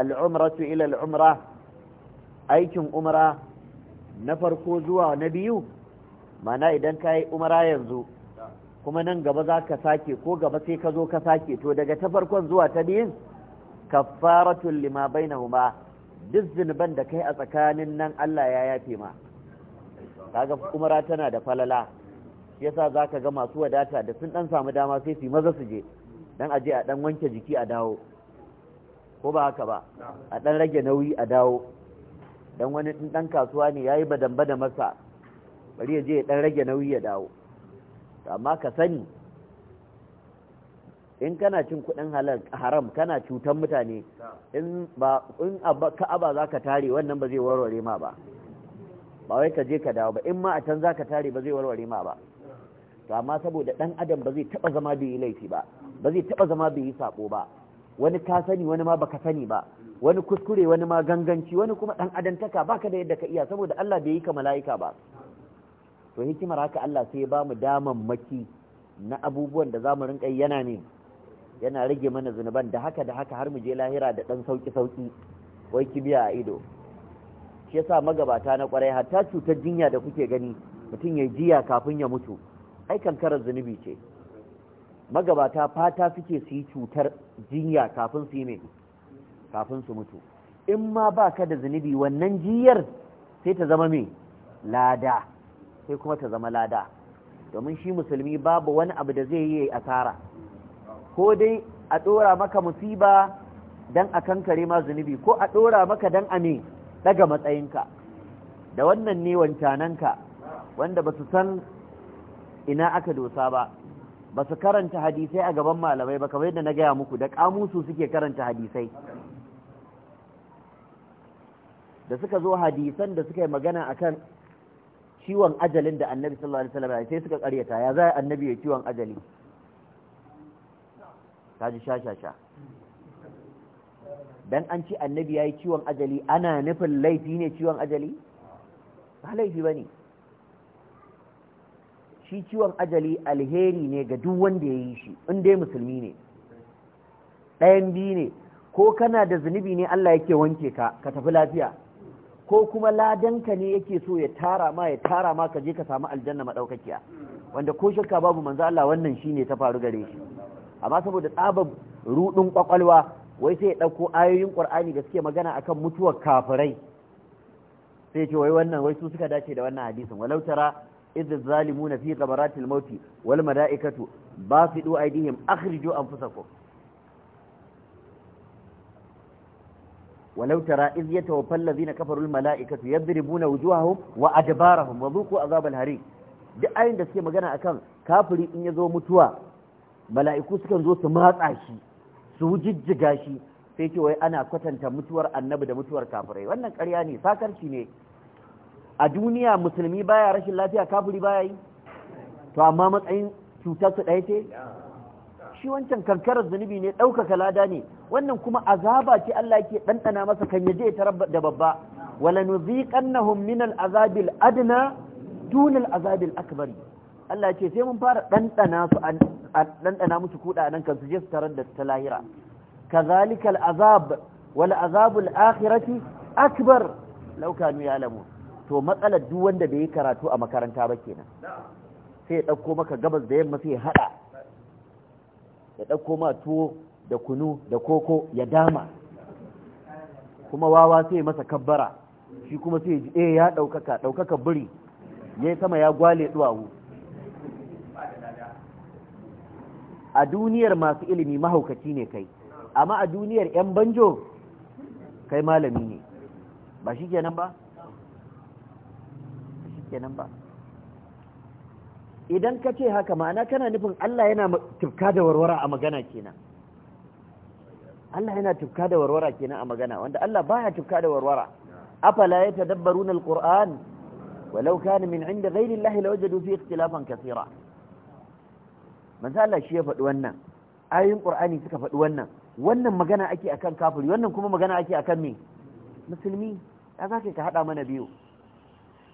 al-umratu ila al-umra aikin umra na farko zuwa na biyu mana idan ka yi umara yanzu kuma nan gaba za ka sake ko gaba sai ka zo ka sake to daga ta farkon zuwa ta biyun kaffaratun lima bainahuma duk zunuban da kai a tsakanin nan Allah ya yafe ma kaga umara tana da falala yasa zaka ga masu wadata da sun dan samu dama sai su maza su je dan aje a dan wanke jiki a dawo ko ba haka ba a dan rage nauyi a dawo dan wani dan kasuwa ne yayi badan bada masa bari ya je ya dan rage nauyi ya dawo amma ka sani in kana cin kuɗin halal haram kana cutar mutane in ba in ka'aba za ka tare wannan ba zai warware ma ba ba wai ka je ka dawo ba in ma a can za ka tare ba zai warware ma ba to amma saboda ɗan adam ba zai taɓa zama bai yi laifi ba ba zai taɓa zama bai yi sako ba wani ka sani wani ma baka sani ba wani kuskure wani ma ganganci wani kuma ɗan taka baka da yadda ka iya saboda Allah bai yi ka mala'ika ba to hikimar haka Allah sai ya bamu daman maki na abubuwan da zamu rinka yana ne yana rage mana zunuban da haka da haka har mu je lahira da dan sauki sauki wai kibiya a ido shi yasa magabata na kwarai hatta cutar jinya da kuke gani mutum ya jiya kafin ya mutu ai kankarar zunubi ce magabata fata suke su yi cutar jinya kafin su yi kafin su mutu in ma ba ka da zunubi wannan jiyar sai ta zama mai lada sai kuma ta zama lada domin shi musulmi babu wani abu da zai yi asara ko dai a ɗora maka musiba don a kankare ma zunubi ko a ɗora maka don a ne daga matsayinka da wannan ne wancananka wanda ba su san ina aka dosa ba ba su karanta hadisai a gaban malamai ba kamar yadda na gaya muku da kamusu suke karanta hadisai da suka zo hadisan da suka yi magana kan ciwon ajalin da annabi sallallahu alaihi wasallam sai suka karyata ya za annabi ya ciwon ajali ta ji sha-sha-sha don an ci annabi ya yi ciwon ajali ana nufin laifi ne ciwon ajali ba laifi ba ne shi ciwon ajali alheri ne ga duk wanda ya yi shi inda ya musulmi ne ɗayan biyu ne ko kana da zunubi ne Allah yake wanke ka ka tafi lafiya ko kuma ladanka ne yake so ya tara ma ya tara ma ka je ka samu aljanna maɗaukakiya wanda ko shakka babu manzo Allah wannan shine ta faru gare shi amma saboda tsabar rudin kwakwalwa wai sai ya ɗauko ayoyin ƙwar'ani da suke magana akan mutuwar kafirai sai ce wai wannan wai su suka dace da wannan hadisin walau tara idh zalimuna fi qabaratil mauti wal malaikatu bafidu aydihim akhriju anfusakum ولو ترى إذ يتوفى الذين كفروا الملائكة يضربون وجوههم وأدبارهم وذوقوا عذاب الهريق duk ayin da suke magana akan kafiri in ya zo mutuwa mala'iku sukan zo su matsa shi su jijjiga shi sai ce wai ana kwatanta mutuwar annabi da mutuwar kafirai wannan ƙarya ne sakarci ne a duniya musulmi baya rashin lafiya kafiri baya yi to amma matsayin cutar su ɗaya ce shi wancan kankarar zunubi ne ɗaukaka lada ne wannan kuma azaba ce Allah yake ɗanɗana masa kan yaje ta da babba wala nuziqannahum min al-azabil adna dun al-azabil akbari Allah ce sai mun fara ɗanɗana su a ɗanɗana musu kuɗa nan kan su je su tarar da ta lahira kazalika al'azab wal azabul akhirati akbar law kanu ya'lamu to matsalar duk wanda bai yi karatu a makaranta ba kenan sai ya ɗauko maka gabas da yamma sai ya haɗa ya ɗauko ma tuwo da kunu da koko ya dama kuma wawa sai masa kabbara shi kuma sai ji eh, ya ɗaukaka ɗaukaka biri ya sama ya gwale duwawu a duniyar masu ilimi mahaukaci ne kai amma a duniyar 'yan banjo kai malami ne ba shi kenan ba shi kenan ba idan ka ce haka ma'ana kana nufin Allah yana tufka da warwara a magana kenan Allah yana tufka da warwara kenan a magana wanda Allah baya tufka da warwara afala yatadabbaruna alquran walau kana min inda ghayri allahi lawajadu fi ikhtilafan kathira manzo Allah shi ya faɗi wannan ayoyin qur'ani suka faɗi wannan wannan magana ake akan kafiri wannan kuma magana ake akan me musulmi ya zaka ka hada mana biyu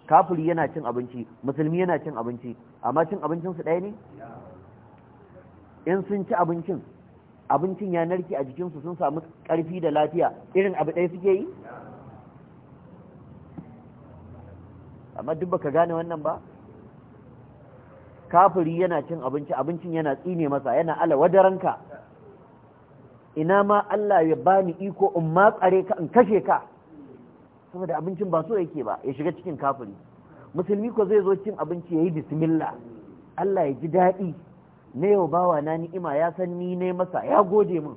kafiri yana cin abinci musulmi yana cin abinci amma cin abincin su ɗaya ne in sun ci abincin abincin ya narke a jikinsu sun samu ƙarfi da lafiya irin abu ɗaya suke yi amma duk baka gane wannan ba kafiri yana cin abinci abincin yana tsine masa yana ala wadaranka ina ma Allah ya bani iko in matsare ka in kashe ka saboda abincin ba so yake ba ya shiga cikin kafiri musulmi ko zai zo cin abinci yayi bismillah Allah ya ji daɗi na yau bawa na ni'ima ya san ni ne masa ya gode min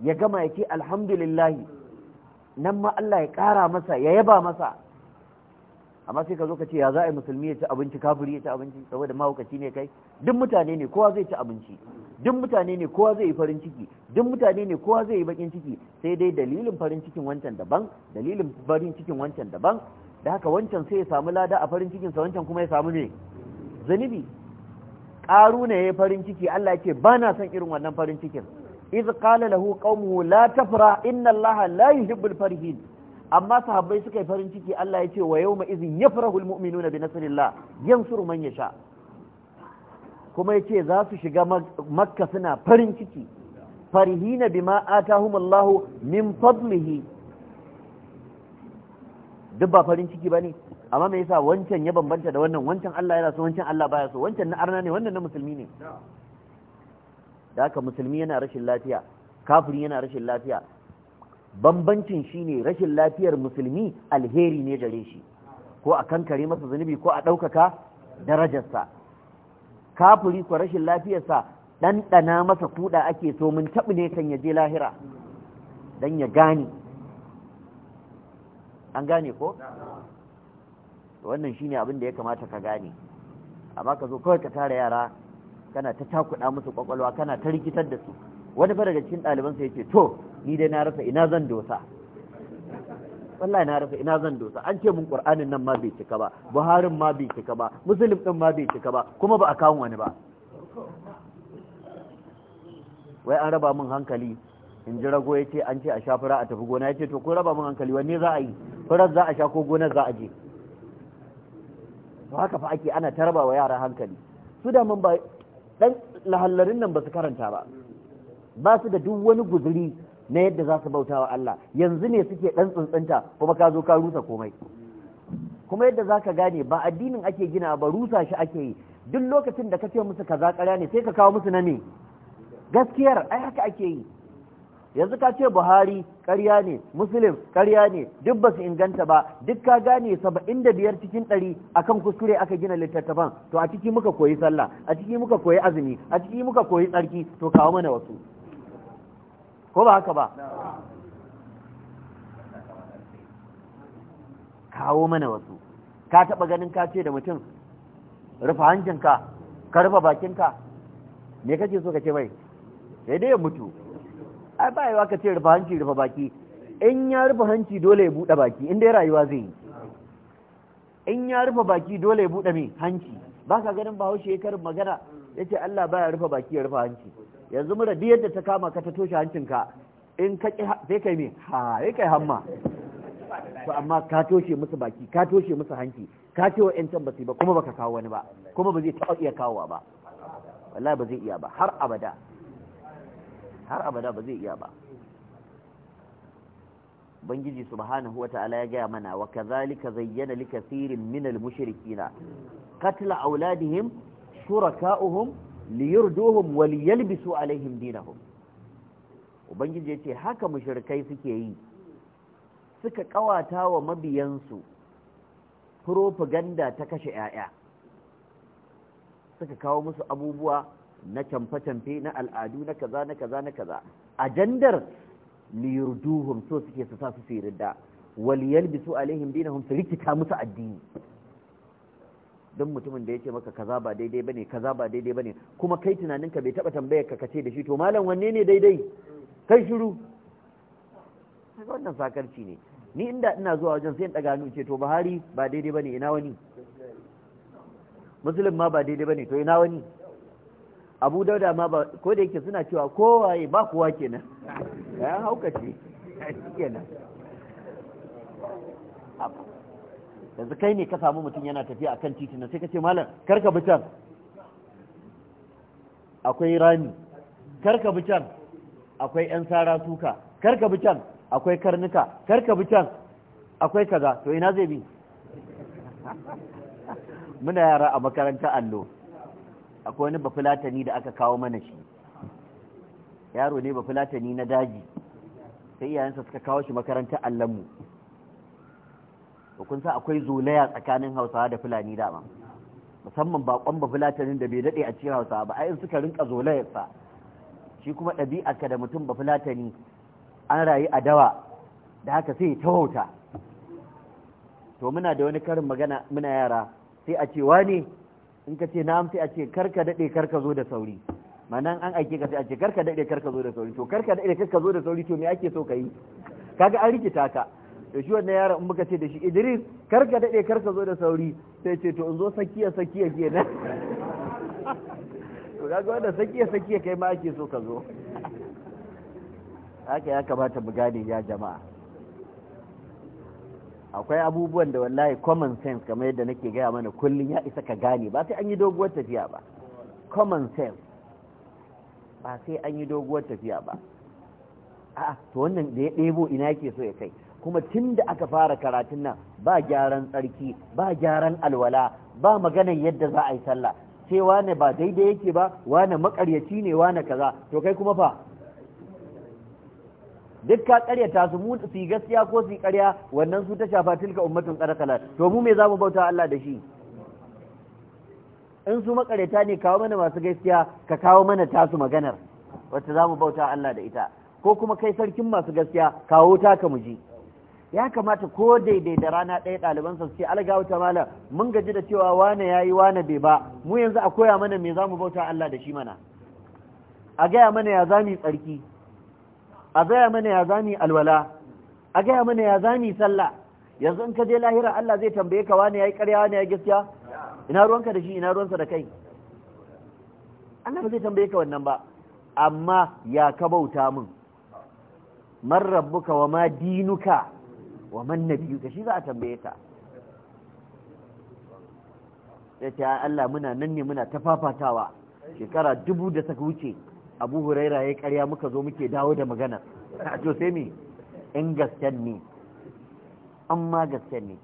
ya gama ya ce alhamdulillah nan ma Allah ya ƙara masa ya yaba masa amma sai ka zo ka ce ya za a yi musulmi ya ci abinci kafiri ya ci abinci saboda mahaukaci ne kai duk mutane ne kowa zai ci abinci duk mutane ne kowa zai yi farin ciki duk mutane ne kowa zai yi bakin ciki sai dai dalilin farin cikin wancan daban dalilin farin cikin wancan daban da haka wancan sai ya samu lada a farin cikinsa wancan kuma ya samu ne zanibi ƙaru ne ya farin ciki Allah ya ce ba na son irin wannan farin cikin iz qala lahu qaumuhu la tafra inna allaha la yuhibbul farihin amma sahabbai suka yi farin ciki Allah ya ce wa izin ya fara yafrahu almu'minuna bi nasrillah yansuru man ya sha kuma ya ce za su shiga makka suna farin ciki na farihina bima atahum Allah min fadlihi duk ba farin ciki ba ne amma me yasa wancan ya bambanta da wannan wancan Allah yana so wancan Allah baya so wancan na arna ne wannan na musulmi ne da haka musulmi yana rashin lafiya kafiri yana rashin lafiya bambancin shine rashin lafiyar musulmi alheri ne gare shi ko a kankare masa zunubi ko a ɗaukaka darajarsa kafuri ko rashin lafiyarsa ɗanɗana masa kuɗa ake so mun taɓi ne kan ya je lahira don ya gane an gane ko wannan shine abin da ya kamata ka gane amma ka zo kawai ka tara yara kana ta takuɗa musu kwakwalwa kana ta rikitar da su wani fa daga cikin ɗalibansa ya ce to ni dai na rasa ina zan dosa wallahi na rasa ina zan dosa an ce mun qur'anin nan ma bai cika ba buharin ma bai cika ba muslim din ma bai cika ba kuma ba a kawo wani ba wai an raba mun hankali in ji rago ya ce an ce a sha fura a tafi gona ya ce to ko raba mun hankali wanne za a yi furar za a sha ko gonar za a je to haka fa ake ana ta raba wa yara hankali su da mun ba dan lahallarin nan ba su karanta ba ba su da duk wani guzuri na yadda za su bauta wa Allah yanzu ne suke ɗan tsuntsunta kuma ka zo ka rusa komai kuma yadda za ka gane ba addinin ake gina ba rusa shi ake yi duk lokacin da ka ce musu kaza ƙarya ne sai ka kawo musu na me gaskiyar ai haka ake yi yanzu ka ce buhari ƙarya ne muslim ƙarya ne duk ba su inganta ba duk ka gane saba'in da biyar cikin ɗari akan kuskure aka gina littattafan to a ciki muka koyi sallah a ciki muka koyi azumi a ciki muka koyi tsarki to kawo mana wasu ko ba haka ba kawo mana wasu ka taɓa ganin ka ce da mutum rufe hancinka ka rufe bakinka me kake so ka ce mai sai dai ya mutu ai ba yawa ka ce rufe hanci rufe baki in ya rufe hanci dole ya buɗe baki inda ya rayuwa zai yi in ya rufe baki dole ya buɗe mai hanci ba ka ganin bahaushe ya karin magana ya ce Allah baya rufe baki ya rufe hanci yanzu mura biyar da ta kama ka ta toshe hancinka in ka ƙi sai kai me ha sai kai hamma to amma ka toshe musu baki ka toshe musu hanci ka ce wa ƴancan basu ba kuma baka kawo wani ba kuma ba zai taɓa iya kawowa ba wallahi ba zai iya ba har abada har abada ba zai iya ba ubangiji subhanahu ta'ala ya gaya mana wa kazalika zayyana likathirin minal mushrikina qatla auladihim shuraka'uhum liyurduhum wa liyalbisu alaihim dinahum ubangiji yace haka mushrikai suke yi suka kawata wa mabiyansu propaganda ta kashe yaya suka kawo musu abubuwa na camfe-camfe na al'adu na kaza na kaza na kaza ajandar liyurduhum so suke su sa su sirida waliyalbisu alaihim dinahum su rikita musu addini don mutumin da ya ce maka kaza ba daidai bane kaza ba daidai bane kuma kai tunaninka bai taba tambayar ka kace da shi to malam wanne ne daidai kai shiru kaga wannan sakarci ne ni inda ina zuwa wajen sai in daga hannu ce to Buhari ba daidai bane ina wani Muslim ma ba daidai bane to ina wani Abu Dauda ma ba ko da yake suna cewa kowaye ba kowa kenan ya haukace kenan yanzu kai ne ka samu mutum yana tafiya akan titi na sai ka ce malam karka bi can akwai rami karka bi can akwai yan sara suka karka bi can akwai karnuka karka bi can akwai kaza to ina zai bi muna yara a makaranta allo akwai wani bafulatani da aka kawo mana shi yaro ne bafulatani na daji sai iyayensa suka kawo shi makarantar allonmu ba kun san akwai zolaya tsakanin hausawa da fulani dama musamman bakon ba fulatanin da bai daɗe a cikin hausawa ba ayin suka rinka zolayarsa shi kuma ɗabi'arka da mutum ba fulatani an rayu a dawa da haka sai ta wauta to muna da wani karin magana muna yara sai a ce wane in ka ce na'am sai a ce karka daɗe karka zo da sauri manan an aike ka sai a ce karka daɗe karka zo da sauri to karka daɗe karka zo da sauri to me ake so ka yi kaga an rikita ka da shi wannan yaron in muka ce da shi Idris kar ka dade kar ka zo da sauri sai ce to in zo sakiya sakiya nan to ga wanda sakiya sakiya kai ma ake so ka zo haka ya kamata mu gane ya jama'a akwai abubuwan da wallahi common sense kamar yadda nake gaya mana kullum ya isa ka gane ba sai an yi doguwar tafiya ba common sense ba sai an yi doguwar tafiya ba a to wannan da ya ɗebo ina yake so ya kai kuma tun da aka fara karatun nan ba gyaran tsarki ba gyaran alwala ba maganan yadda za a yi sallah sai wane ba daidai yake ba wane makaryaci ne wane kaza to kai kuma fa duk ka karyata su mu su gaskiya ko su karya wannan su ta shafa tilka ummatun qarqala to mu me za mu bauta Allah da shi in su makaryata ne kawo mana masu gaskiya ka kawo mana tasu maganar wacce za mu bauta Allah da ita ko kuma kai sarkin masu gaskiya kawo taka mu ji ya kamata ko daidai da rana ɗaya ɗalibansa su ce alga wata malam mun gaji da cewa wane ya yi wane bai ba mu yanzu a koya mana me za mu bauta Allah da shi mana a gaya mana ya za mu tsarki a gaya mana ya za mu alwala a gaya mana ya za mu sallah yanzu in ka je lahira Allah zai tambaye ka wane ya yi ƙarya wane ya gaskiya ina ruwanka da shi ina ruwansa da kai Allah ba zai tambaye ka wannan ba amma ya ka bauta min man rabbuka wa ma dinuka wa biyu nabiyuka shi za a tambaye ta yace Allah muna nan ne muna tafafatawa shekara dubu da saka wuce Abu Huraira ya karya muka zo muke dawo da magana to sai me in gasken ne amma gasken ne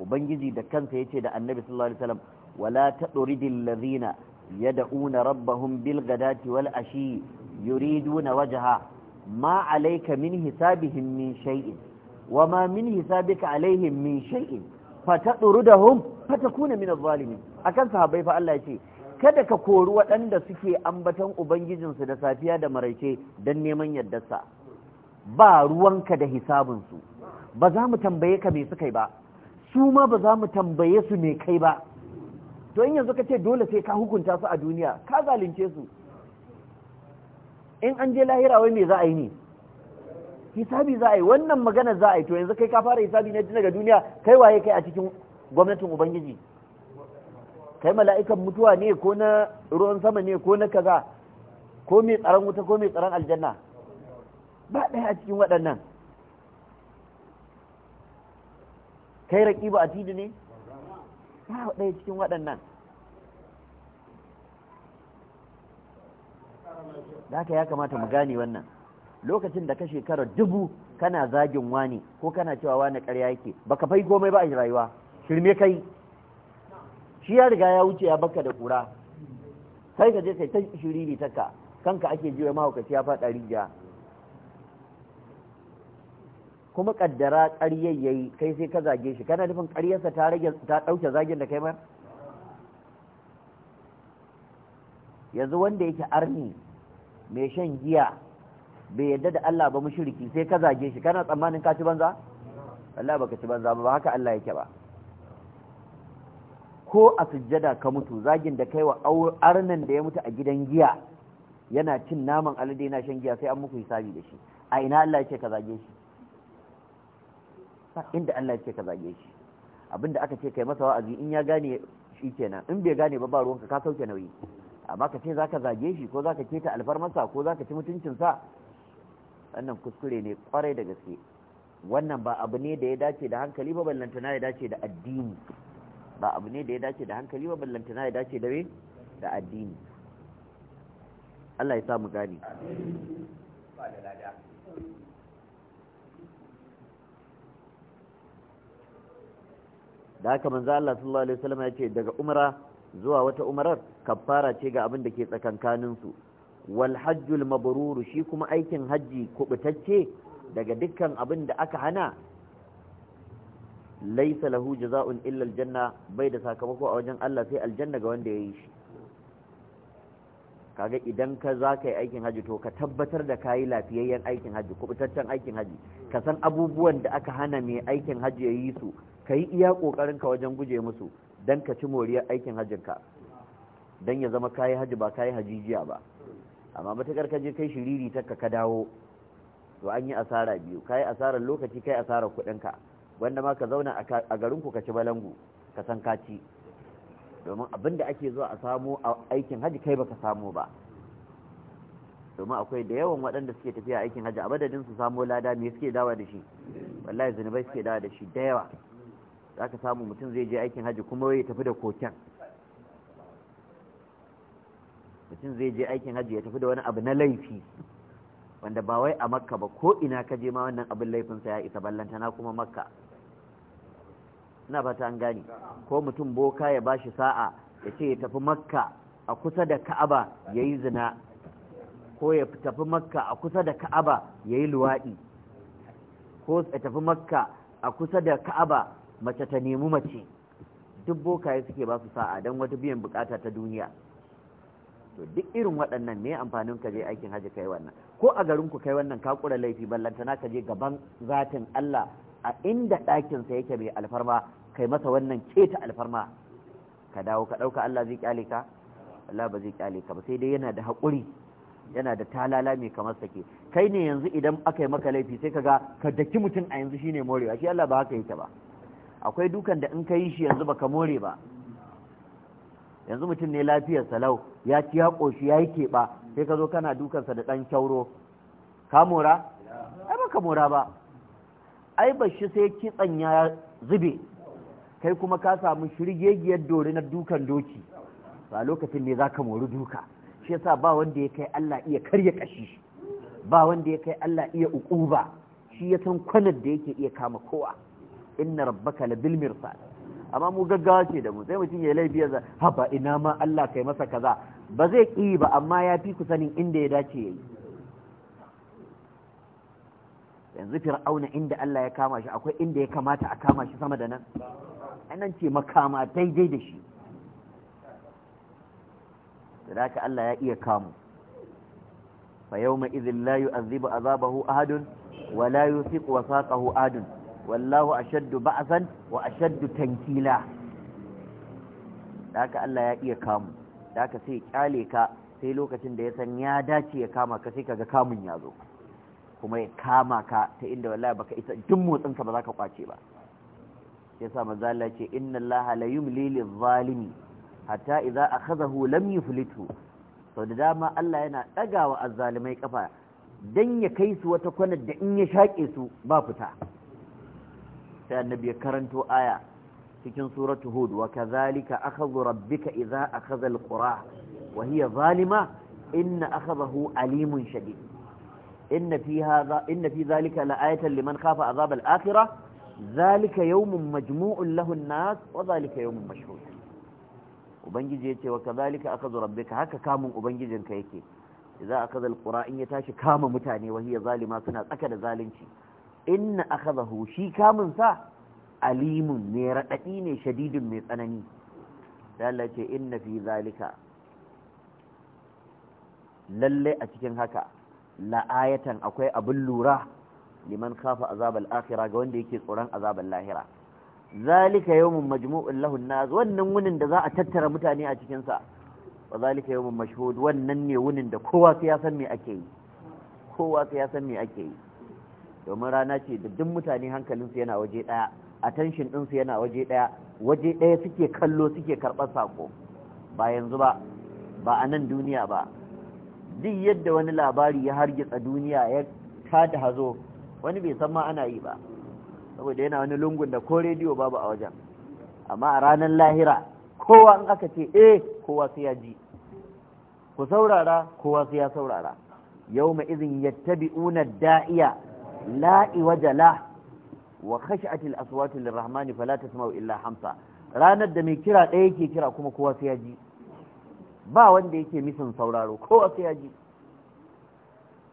ubangiji da kansa yace da Annabi sallallahu alaihi wasallam wala tadridil ladhina yad'una rabbahum bil ghadati wal na yuriduna wajha ma alaika min hisabihim min shay'in wa ma min hisabika alaihim min shay'in fatadrudahum fatakuna min adh-dhalimin akan sahabbai fa Allah yace kada ka kori waɗanda suke ambaton ubangijinsu da safiya da maraice don neman yardarsa ba ruwanka da su ba za mu tambaye ka me suka yi ba su ma ba za mu tambaye su me kai ba to in yanzu ka ce dole sai ka hukunta su a duniya ka zalunce su in an je lahira wai me za a yi ne hisabi za a yi wannan magana za a yi to yanzu kai ka fara hisabi ne daga duniya kai waye kai a cikin gwamnatin ubangiji kai mala'ikan mutuwa ne ko na ruwan sama ne ko na kaza ko mai tsaron wuta ko mai tsaron aljanna ba ɗaya a cikin waɗannan kai raƙiba a tidi ne ba ɗaya cikin waɗannan da haka ya kamata mu gane wannan lokacin da ka shekara dubu kana zagin wani ko kana cewa wani karya yake baka fai komai ba a rayuwa shirme kai shi ya riga ya wuce ya baka da kura kai ka je kai ta shiriri taka kanka ake jiwa mahaukaci ya faɗa rijiya kuma kaddara ƙaryar yayi kai sai ka zage shi kana nufin ƙaryarsa ta rage ta ɗauke zagin da kai mar yanzu wanda yake arni mai shan giya bai yadda da Allah ba mushriki sai ka zage shi kana tsammanin ka ci banza Allah baka ci banza ba haka Allah yake ba ko a sujjada ka mutu zagin da kaiwa arnan da ya mutu a gidan giya yana cin naman alade yana shan giya sai an muku hisabi da shi a ina Allah yake ka zage shi inda Allah yake ka zage shi abinda aka ce kai masa wa'azi in ya gane shi kenan in bai gane ba ba ruwanka ka sauke nauyi amma ka ce zaka zage shi ko zaka keta alfarmarsa ko zaka ci mutuncinsa wannan kuskure ne kwarai da gaske wannan ba abu ne da ya dace da hankali ba ballantana ya dace da addini ba abu ne da ya dace da hankali ba ballantana ya dace da da addini Allah ya samu gani da haka manzo Allah sallallahu alaihi wasallam ya ce daga umra zuwa wata umarar kaffara ce ga abin da ke tsakankaninsu wal hajjul mabrur shi kuma aikin hajji kubutacce daga dukkan abin da aka hana laisa lahu jaza'un illa aljanna bai da sakamako a wajen Allah sai aljanna ga wanda yayi shi kaga idan ka za ka yi aikin haji to ka tabbatar da kayi lafiyayyen aikin haji kubutaccen aikin haji ka san abubuwan da aka hana mai aikin hajji ya yi su ka yi iya ka wajen guje musu don ka ci moriyar aikin ka don ya zama kayi haji ba kayi hajijiya ba amma matakar ka je kai shiriri ta ka dawo to an yi asara biyu kayi asarar lokaci kai asarar kudinka wanda ma ka zauna a garinku ka ci balangu ka san ka domin abin da ake zuwa a samu a aikin haji kai baka samu ba domin akwai da yawan waɗanda suke tafiya aikin haji a madadin su samu lada me suke dawa da shi wallahi zunubai suke dawa da shi da yawa zaka samu mutum zai je aikin haji kuma ya tafi da koken mutum zai je aikin hajji ya tafi da wani abu na laifi wanda ba wai a makka ba ko ina ka je ma wannan abin laifinsa ya isa ballanta na kuma makka ina fata an gani ko mutum boka ya bashi sa'a ya ce ya tafi makka a kusa da ka'aba ya yi zina ko ya tafi makka a kusa da ka'aba ya yi luwaɗi ko ya tafi makka a kusa da ka'aba mace ta nemi mace duk bokaye suke ba su sa'a don wata biyan bukata ta duniya to duk irin waɗannan ne amfanin ka je aikin haji kai wannan ko a garin ku kai wannan ka kura laifi ballantana ka je gaban zatin Allah a inda ɗakin sa yake mai alfarma kai masa wannan keta alfarma ka dawo ka ɗauka Allah zai kyale ka Allah ba zai kyale ka ba sai dai yana da haƙuri yana da talala mai kamar sake kai ne yanzu idan aka yi maka laifi sai kaga ka daki mutum a yanzu shine morewa shi Allah ba haka yake ba akwai dukan da in ka yi shi yanzu baka more ba yanzu mutum ne lafiyar salau ya ci ya koshi ya yi keɓa sai ka zo kana dukansa da ɗan kyauro ka mora ai baka mora ba ai ba shi sai kitsan ya zube kai kuma ka samu shirgegiyar dori na dukan doki ba lokacin ne za ka mori duka shi yasa ba wanda ya kai Allah iya karya kashi ba wanda ya kai Allah iya ukuba shi ya san kwanar da yake iya kama kowa inna rabbaka labil mirsad amma mu gaggawa ce da mu sai mutum ya laifi ya haba ina ma Allah kai masa kaza ba zai ƙi ba amma ya fi ku sanin inda ya dace ya yi yanzu fir'auna inda Allah ya kama shi akwai inda ya kamata a kama shi sama da nan anan ce makama daidai da shi da ka Allah ya iya kamu fa yawma idhin la yu'adhibu azabahu ahadun wa la yusiqu wasaqahu ahadun wallahu ashaddu ba'san wa ashaddu tankila daka Allah ya iya kamu daka sai kyale ka sai lokacin da ya san ya dace ya kama ka sai kaga kamun ya zo kuma ya kama ka ta inda wallahi baka isa duk motsin ka ba za ka kwace ba yasa manzo Allah ce inna Allah la yumli lil zalimi hatta idza akhadhahu lam yuflithu to da dama Allah yana dagawa azzalimai kafa dan ya kai su wata kwanar da in ya shake su ba fita sai annabi ya karanto aya cikin suratu hud wa kadhalika akhadhu rabbika idza akhadha alqura wa hiya zalima inna akhadahu alimun shadid inna fi hadha inna fi dhalika la'ayatan liman khafa azab al-akhirah dhalika yawmun majmu'un lahu an-nas wa dhalika yawmun mashhud ubangiji yace wa kadhalika akhadhu rabbika haka kamun ubangijinka yake idza akhadha alqura in ya tashi kama mutane wa hiya zalima suna tsaka da zalunci inna akhadahu shi kamun sa alimun ne radadi ne shadidin mai tsanani da Allah ce inna fi zalika lalle a cikin haka la ayatan akwai abin lura liman khafa azabal akhira ga wanda yake tsoron azabal lahira zalika yawmun majmu'un an nas wannan wunin da za a tattara mutane a cikin sa wa zalika yawmun mashhud wannan ne wunin da kowa sai ya san me ake yi kowa sai ya san me ake yi domin rana ce da duk mutane hankalinsu yana waje ɗaya attention ɗinsu yana waje ɗaya waje ɗaya suke kallo suke karɓar saƙo ba yanzu ba ba a nan duniya ba duk yadda wani labari ya hargitsa duniya ya tada hazo wani bai san ma ana yi ba saboda yana wani lungun da ko rediyo babu a wajen amma a ranar lahira kowa in aka ce eh kowa sai ya ji ku saurara kowa sai ya saurara yau ma izin yattabi'una da'iya la iwaja la wa khashatil aswatu lirrahmani fala tasma'u illa hamsa ranar da mai kira ɗaya yake kira kuma kowa sai ya ji ba wanda yake misin sauraro kowa sai ya ji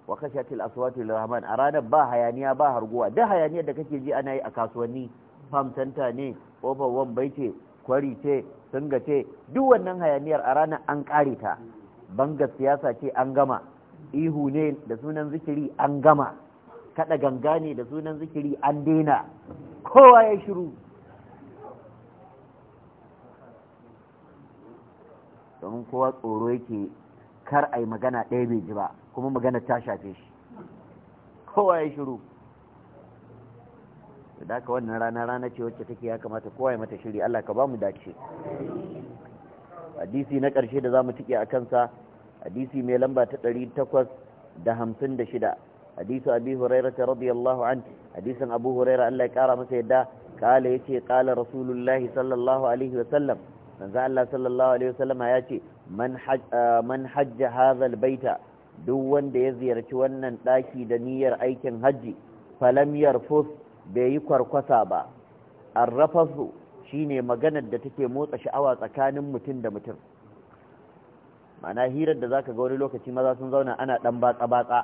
wa khashatil aswatu lirrahman a ranar ba hayaniya ba harguwa da hayaniyar da kake ji ana yi a kasuwanni farm center ne ofar wambai ce kwari ce singa ce duk wannan hayaniyar a ranar an kare ta bangar siyasa ce an gama ihu ne da sunan zikiri an gama kada ganga ne da sunan zikiri an daina kowa ya shiru domin kowa tsoro yake kar a yi magana ɗaya bai ji ba kuma magana ta shafe shi kowa ya shiru da ka wannan rana rana ce wacce take ya kamata kowa ya mata shiri Allah ka ba mu dace hadisi na ƙarshe da za mu tike a kansa hadisi mai lamba ta ɗari takwas da hamsin da shida hadisu abi hurairah radiyallahu an hadisin abu hurairah Allah ya kara masa yadda kala yace kala rasulullahi sallallahu alaihi wa sallam manzo Allah sallallahu alaihi wa sallam ya ce man haj baita duk wanda ya ziyarci wannan daki da niyyar aikin hajji falam fos bai yi kwarkwasa ba arrafasu shine maganar da take motsa sha'awa tsakanin mutum da mutum mana hirar da zaka ga wani lokaci maza sun zauna ana dan batsa batsa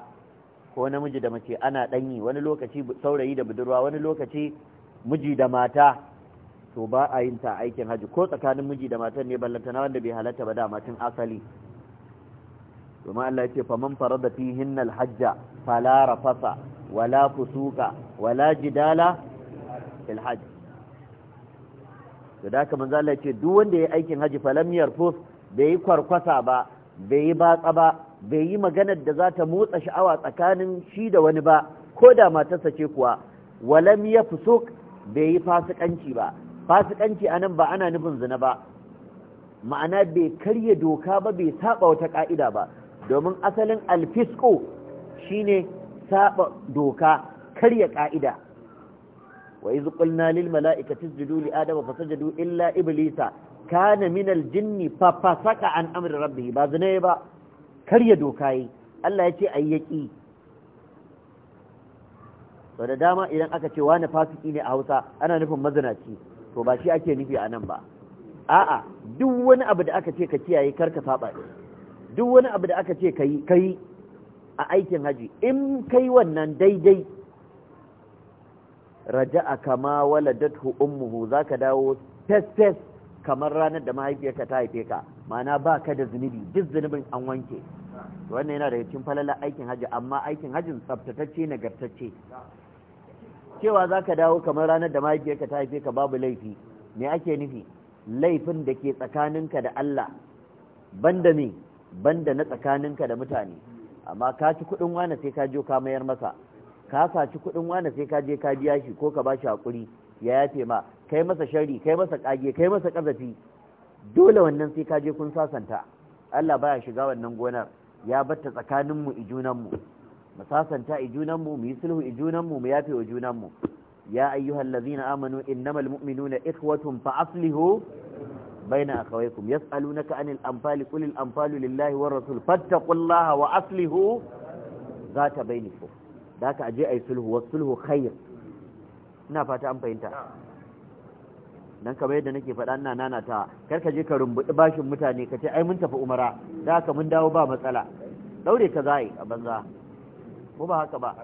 ko namiji da mace ana ɗanyi wani lokaci saurayi da budurwa wani lokaci miji da mata to ba a yin ta aikin hajji ko tsakanin miji da matan ne na wanda bai halatta ba da matan asali domin Allah ya ce faman farada fihin hajja fala rafasa wala fusuka wala jidala fil hajj da haka manzo Allah ya duk wanda ya yi aikin hajji falam yarfus bai yi kwarkwasa ba bai yi batsa ba bai yi maganar da za ta motsa sha'awa tsakanin shi da wani ba ko da matarsa ce kuwa walam ya fusuk bai yi fasikanci ba fasikanci a nan ba ana nufin zina ba ma'ana bai karya doka ba bai saba wata ka'ida ba domin asalin alfisko shine saba doka karya ka'ida wa iz qulna lil mala'ikati isjudu li adama fasajadu illa iblisa kana min al jinni fa fasaka an amri rabbih ba zina ba karya doka yi Allah ya ce a yi yaƙi da dama idan aka ce wani fasiki ne a hausa ana nufin mazinaci to ba shi ake nufi a nan ba a'a duk wani abu da aka ce ka kiyaye kar ka saba duk wani abu da aka ce ka yi a aikin haji in kai wannan daidai raja'a kama waladathu ummuhu zaka dawo fes fes kamar ranar da mahaifiyarka ta haife ka ma'ana ba ka da zunubi duk zunubin an wanke wannan yana daga cikin falalar aikin hajji amma aikin hajin tsaftatacce nagartacce cewa za ka dawo kamar ranar da mahaifiyarka ta haife ka babu laifi me ake nufi laifin da ke tsakaninka da Allah banda me banda na tsakaninka da mutane amma ka ci kuɗin wani sai ka je ka mayar masa ka saci kuɗin wani sai ka je ka biya shi ko ka ba shi haƙuri ya yafe ma kai masa shari kai masa kage kai masa kazafi dole wannan sai ka je kun sasanta Allah baya shiga wannan gonar ya batta tsakaninmu ijunanmu mu sasanta ijunanmu mu yi sulhu ijunanmu mu yafe wa junanmu ya ayyuhal ladzina amanu innamal mu'minuna ikhwatun fa aslihu baina akhawaykum yas'alunaka anil anfali qul al anfalu lillahi war rasul fattaqullaha wa aslihu zata bainakum daka aje ayi sulhu was sulhu khair ina fata an fahimta dan kamar yadda nake faɗa ina nanata kar ka je ka rumbuɗi bashin mutane ka ce ai mun tafi umara da haka mun dawo ba matsala daure ka zai a banza ko ba haka ba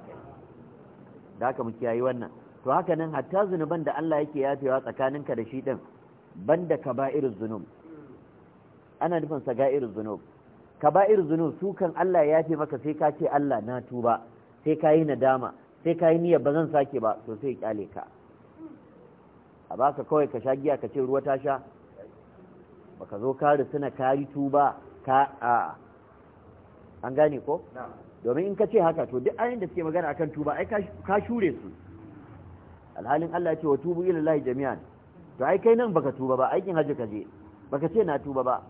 da haka mu kiyayi wannan to haka nan hatta zunuban da Allah yake yafewa tsakaninka da shi din banda kaba'ir zunub ana nufin sagair zunub kaba'ir zunub su kan Allah ya yafe maka sai ka ce Allah na tuba sai ka yi nadama sai ka yi niyyar ba zan sake ba to sai kyale ka ba ka kawai ka sha giya ka ce ruwa ta sha ba ka zo kari suna kari yi tuba ka a an gane ko domin in ka ce haka to duk ayin da suke magana akan tuba ai ka shure su alhalin Allah ya ce wa tubu ila lahi jami'an to ai kai nan baka tuba ba aikin hajji ka je baka ce na tuba ba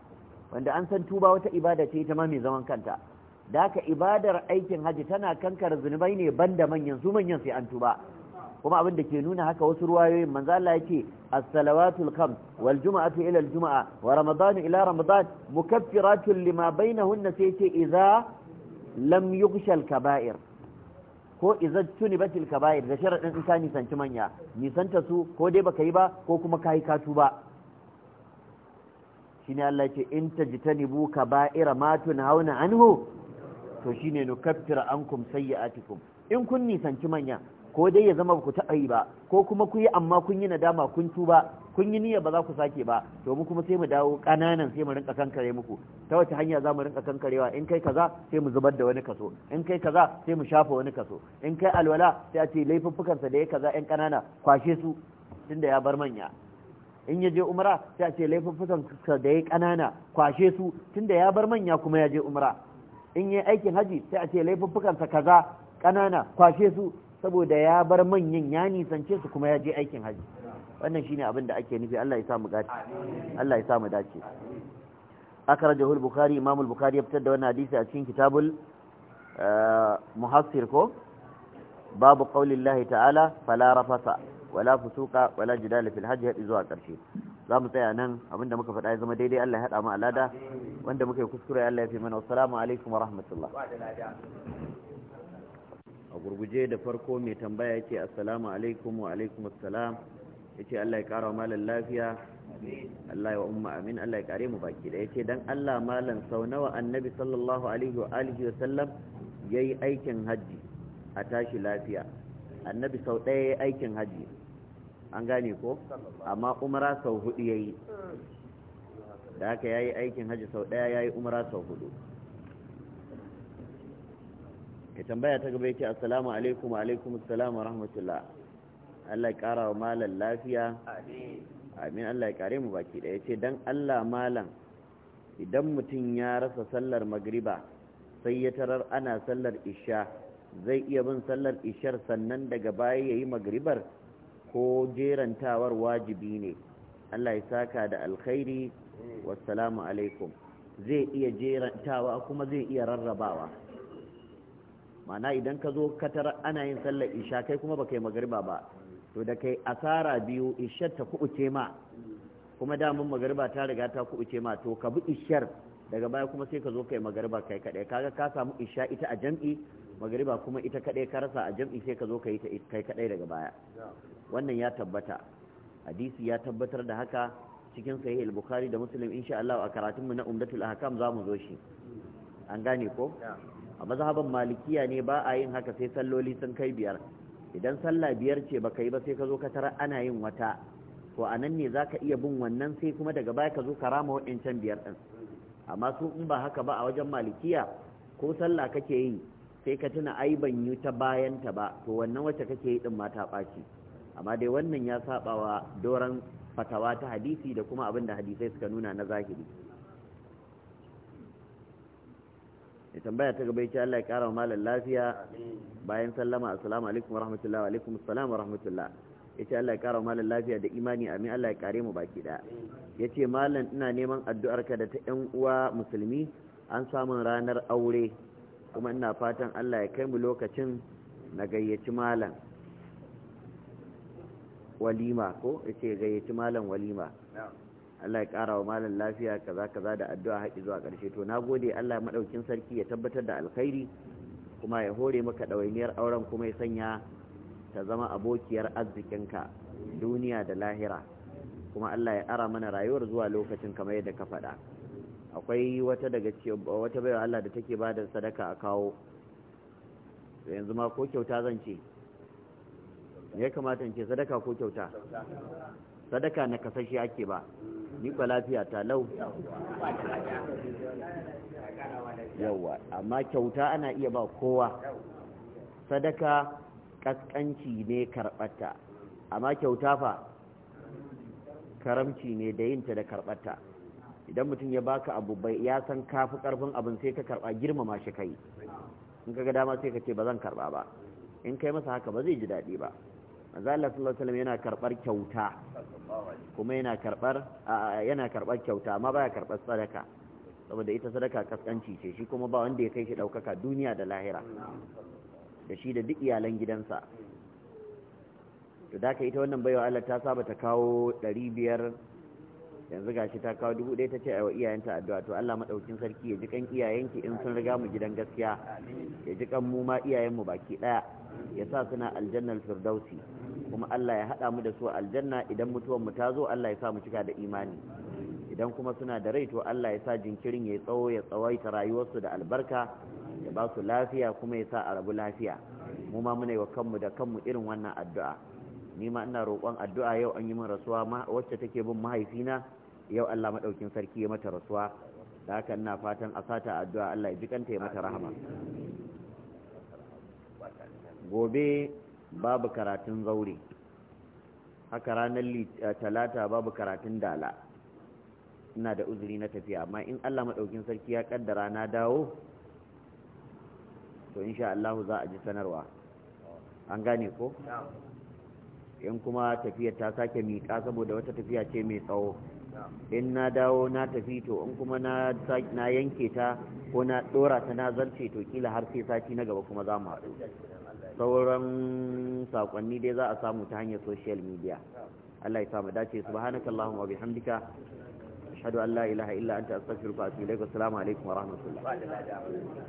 wanda an san tuba wata ibada ce ita ma mai zaman kanta da haka ibadar aikin hajji tana kankar zunubai ne banda manyan su manyan sai an tuba kuma abin da ke nuna haka wasu ruwayoyin manzo Allah yake as-salawatul kham wal jum'atu ila al jum'a wa ramadan ila ramadan mukaffiratun lima bainahunna sai ce idza lam yughsha al kaba'ir ko idza tunibatil kaba'ir da sharadin in ka nisanci manya nisanta su ko dai baka yi ba ko kuma kai ka tuba shine Allah yake in tajtanibu kaba'ira ma tunhauna anhu to shine nukaffir ankum sayyi'atikum in kun nisanci manya ko dai ya zama ku taɓa yi ba ko kuma ku yi amma kun yi nadama kun tuba kun yi niyya ba za ku sake ba to mu kuma sai mu dawo ƙananan sai mu rinka kankare muku ta wace hanya za mu rinka kankarewa in kai kaza sai mu zubar da wani kaso in kai kaza sai mu shafa wani kaso in kai alwala sai a ce laifuffukansa da ya kaza ƴan ƙanana kwashe su tunda ya bar manya in ya je umra sai a ce laifuffukansa da ya ƙanana kwashe su tunda ya bar manya kuma ya je umra in yi aikin haji sai a ce laifuffukansa kaza ƙanana kwashe su saboda ya bar manyan ya nisance su kuma ya je aikin haji wannan shine abin da ake nufi Allah ya sa mu gaci Allah ya sa mu dace akhrajahu al-bukhari imam al-bukhari ya fitar da wannan hadisi a cikin kitabul eh, muhassir ko babu qaulillahi ta'ala fala rafasa wala fusuka wala jidala fil hajj hadi zuwa karshe zamu mu tsaya nan abinda muka faɗa ya zama daidai Allah ya haɗa mu alada wanda muka yi kuskure Allah ya fi mana assalamu alaikum wa rahmatullah a gurguje da farko mai tambaya yake assalamu alaikum wa alaikum assalam yace Allah ya kara malan lafiya Allah ya umma amin Allah ya kare mu baki da yace dan Allah malan sau nawa annabi sallallahu alaihi wa alihi wa sallam yayi aikin haji a tashi lafiya annabi sau ɗaya yayi aikin haji an gane ko amma umra sau hudu yayi da haka yayi aikin haji sau ɗaya yayi umra sau hudu ka tambaya ta gaba yake assalamu alaikum wa alaikum assalam wa rahmatullah Allah ya kara wa malam lafiya amin Allah ya kare mu baki da yace dan Allah malam idan mutum ya rasa sallar magriba sai ya tarar ana sallar isha zai iya bin sallar ishar sannan daga baya yayi magribar ko jerantawar wajibi ne Allah ya saka da alkhairi wassalamu alaikum zai iya jerantawa kuma zai iya rarrabawa ma'ana idan ka zo katar ana yin sallar isha kai kuma baka yi magariba ba to da kai asara biyu ishar ta kubuce ma kuma mun magariba ta riga ta kubuce ma to ka bi ishar daga baya kuma sai ka zo kai magariba kai kadai kaga ka samu isha ita a jam'i magariba kuma ita kadai ka rasa a jam'i sai ka zo kai ta kai kadai daga baya wannan ya tabbata hadisi ya tabbatar da haka cikin sahih al-bukhari da muslim insha Allah a karatunmu na umdatul ahkam zamu zo shi an gane ko a mazhaban malikiya ne ba a yin haka sai salloli sun kai biyar idan sallah biyar ce baka yi ba sai ka zo ka tara ana yin wata to a nan ne zaka iya bin wannan sai kuma daga baya ka zo ka rama waɗancan biyar ɗin amma su in ba haka ba a wajen malikiya ko sallah kake yi sai ka tuna ai ban yi ta bayan ta ba to wannan wacce kake yi din ma ta ɓaci amma dai wannan ya sabawa wa doran fatawa ta hadisi da kuma abin da hadisai suka nuna na zahiri ya tambaya ta gaba yace Allah ya kara malam lafiya bayan sallama assalamu alaikum wa rahmatullahi wa alaikum assalam wa rahmatullah yace Allah ya kara malam lafiya da imani amin Allah ya kare mu baki da yace malam ina neman addu'arka da ta ƴan uwa musulmi an samun ranar aure kuma ina fatan Allah ya kai mu lokacin na gayyaci malam walima ko yace gayyaci malam walima Allah ya ƙara wa malam lafiya kaza kaza da addu'a haƙi zuwa ƙarshe to na gode Allah maɗaukin sarki ya tabbatar da alkhairi kuma ya hore maka ɗawainiyar auren kuma ya sanya ta zama abokiyar arzikinka duniya da lahira kuma Allah ya ara mana rayuwar zuwa lokacin kamar yadda ka faɗa akwai wata daga wata baiwa Allah da take ba sadaka a kawo yanzu ma ko kyauta zan ce ya kamata in ce sadaka ko kyauta sadaka na kasashe ake ba ni kwa lafiya ta lau yawa amma kyauta ana iya ba kowa sadaka kaskanci ne karbata amma kyauta fa karamci ne da yinta da karbata idan mutum ya baka abu bai ya san kafi karfin abin sai ka karba girmama shi kai in ka ga dama sai ka ce ba zan karba ba in kai masa haka ba zai ji daɗi ba manzo Allah sallallahu alaihi yana karbar kyauta kuma yana karbar yana karbar kyauta amma baya karbar sadaka saboda ita sadaka kaskanci ce shi kuma ba wanda ya kai shi daukaka duniya da lahira da shi da duk iyalan gidansa to da ita wannan baiwa Allah ta saba ta kawo 500 yanzu gashi ta kawo 1000 ta ce aiwa iyayenta addu'a to Allah madaukin sarki ya ji kan iyayenki in sun riga mu gidan gaskiya ya ji kan mu ma iyayen mu baki daya ya sa suna aljannal firdausi kuma Allah ya haɗa mu da su aljanna idan mutuwan mu ta zo Allah ya sa mu cika da imani idan kuma suna da rai to Allah ya sa jinkirin ya tsawo ya tsawaita rayuwarsu da albarka ya ba su lafiya kuma ya sa a rabu lafiya mu ma muna yi wa kanmu da kanmu irin wannan addu'a ni ma ina roƙon addu'a yau an yi min rasuwa wacce take bin mahaifina yau Allah madaukin sarki ya mata rasuwa da haka ina fatan a sata addu'a Allah ya jikanta ya mata rahama gobe babu karatun zaure haka ranar eh, talata babu karatun dala ina da uzuri na tafiya amma in Allah maɗaukin sarki ya ƙaddara na dawo to insha Allah za a ji sanarwa an gane ko in kuma tafiyar ta sake miƙa saboda wata tafiya ce mai tsawo in na dawo na tafi to in kuma na yanke ta ko na ɗora ta na zarce to kila har sai sati na gaba kuma za mu haɗu sauran sakonni dai za a samu ta hanyar social media Allah ya samu dace subhanakallahumma wa bihamdika ashhadu an la ilaha illa anta astaghfiruka wa atubu ilaik assalamu alaikum wa rahmatullah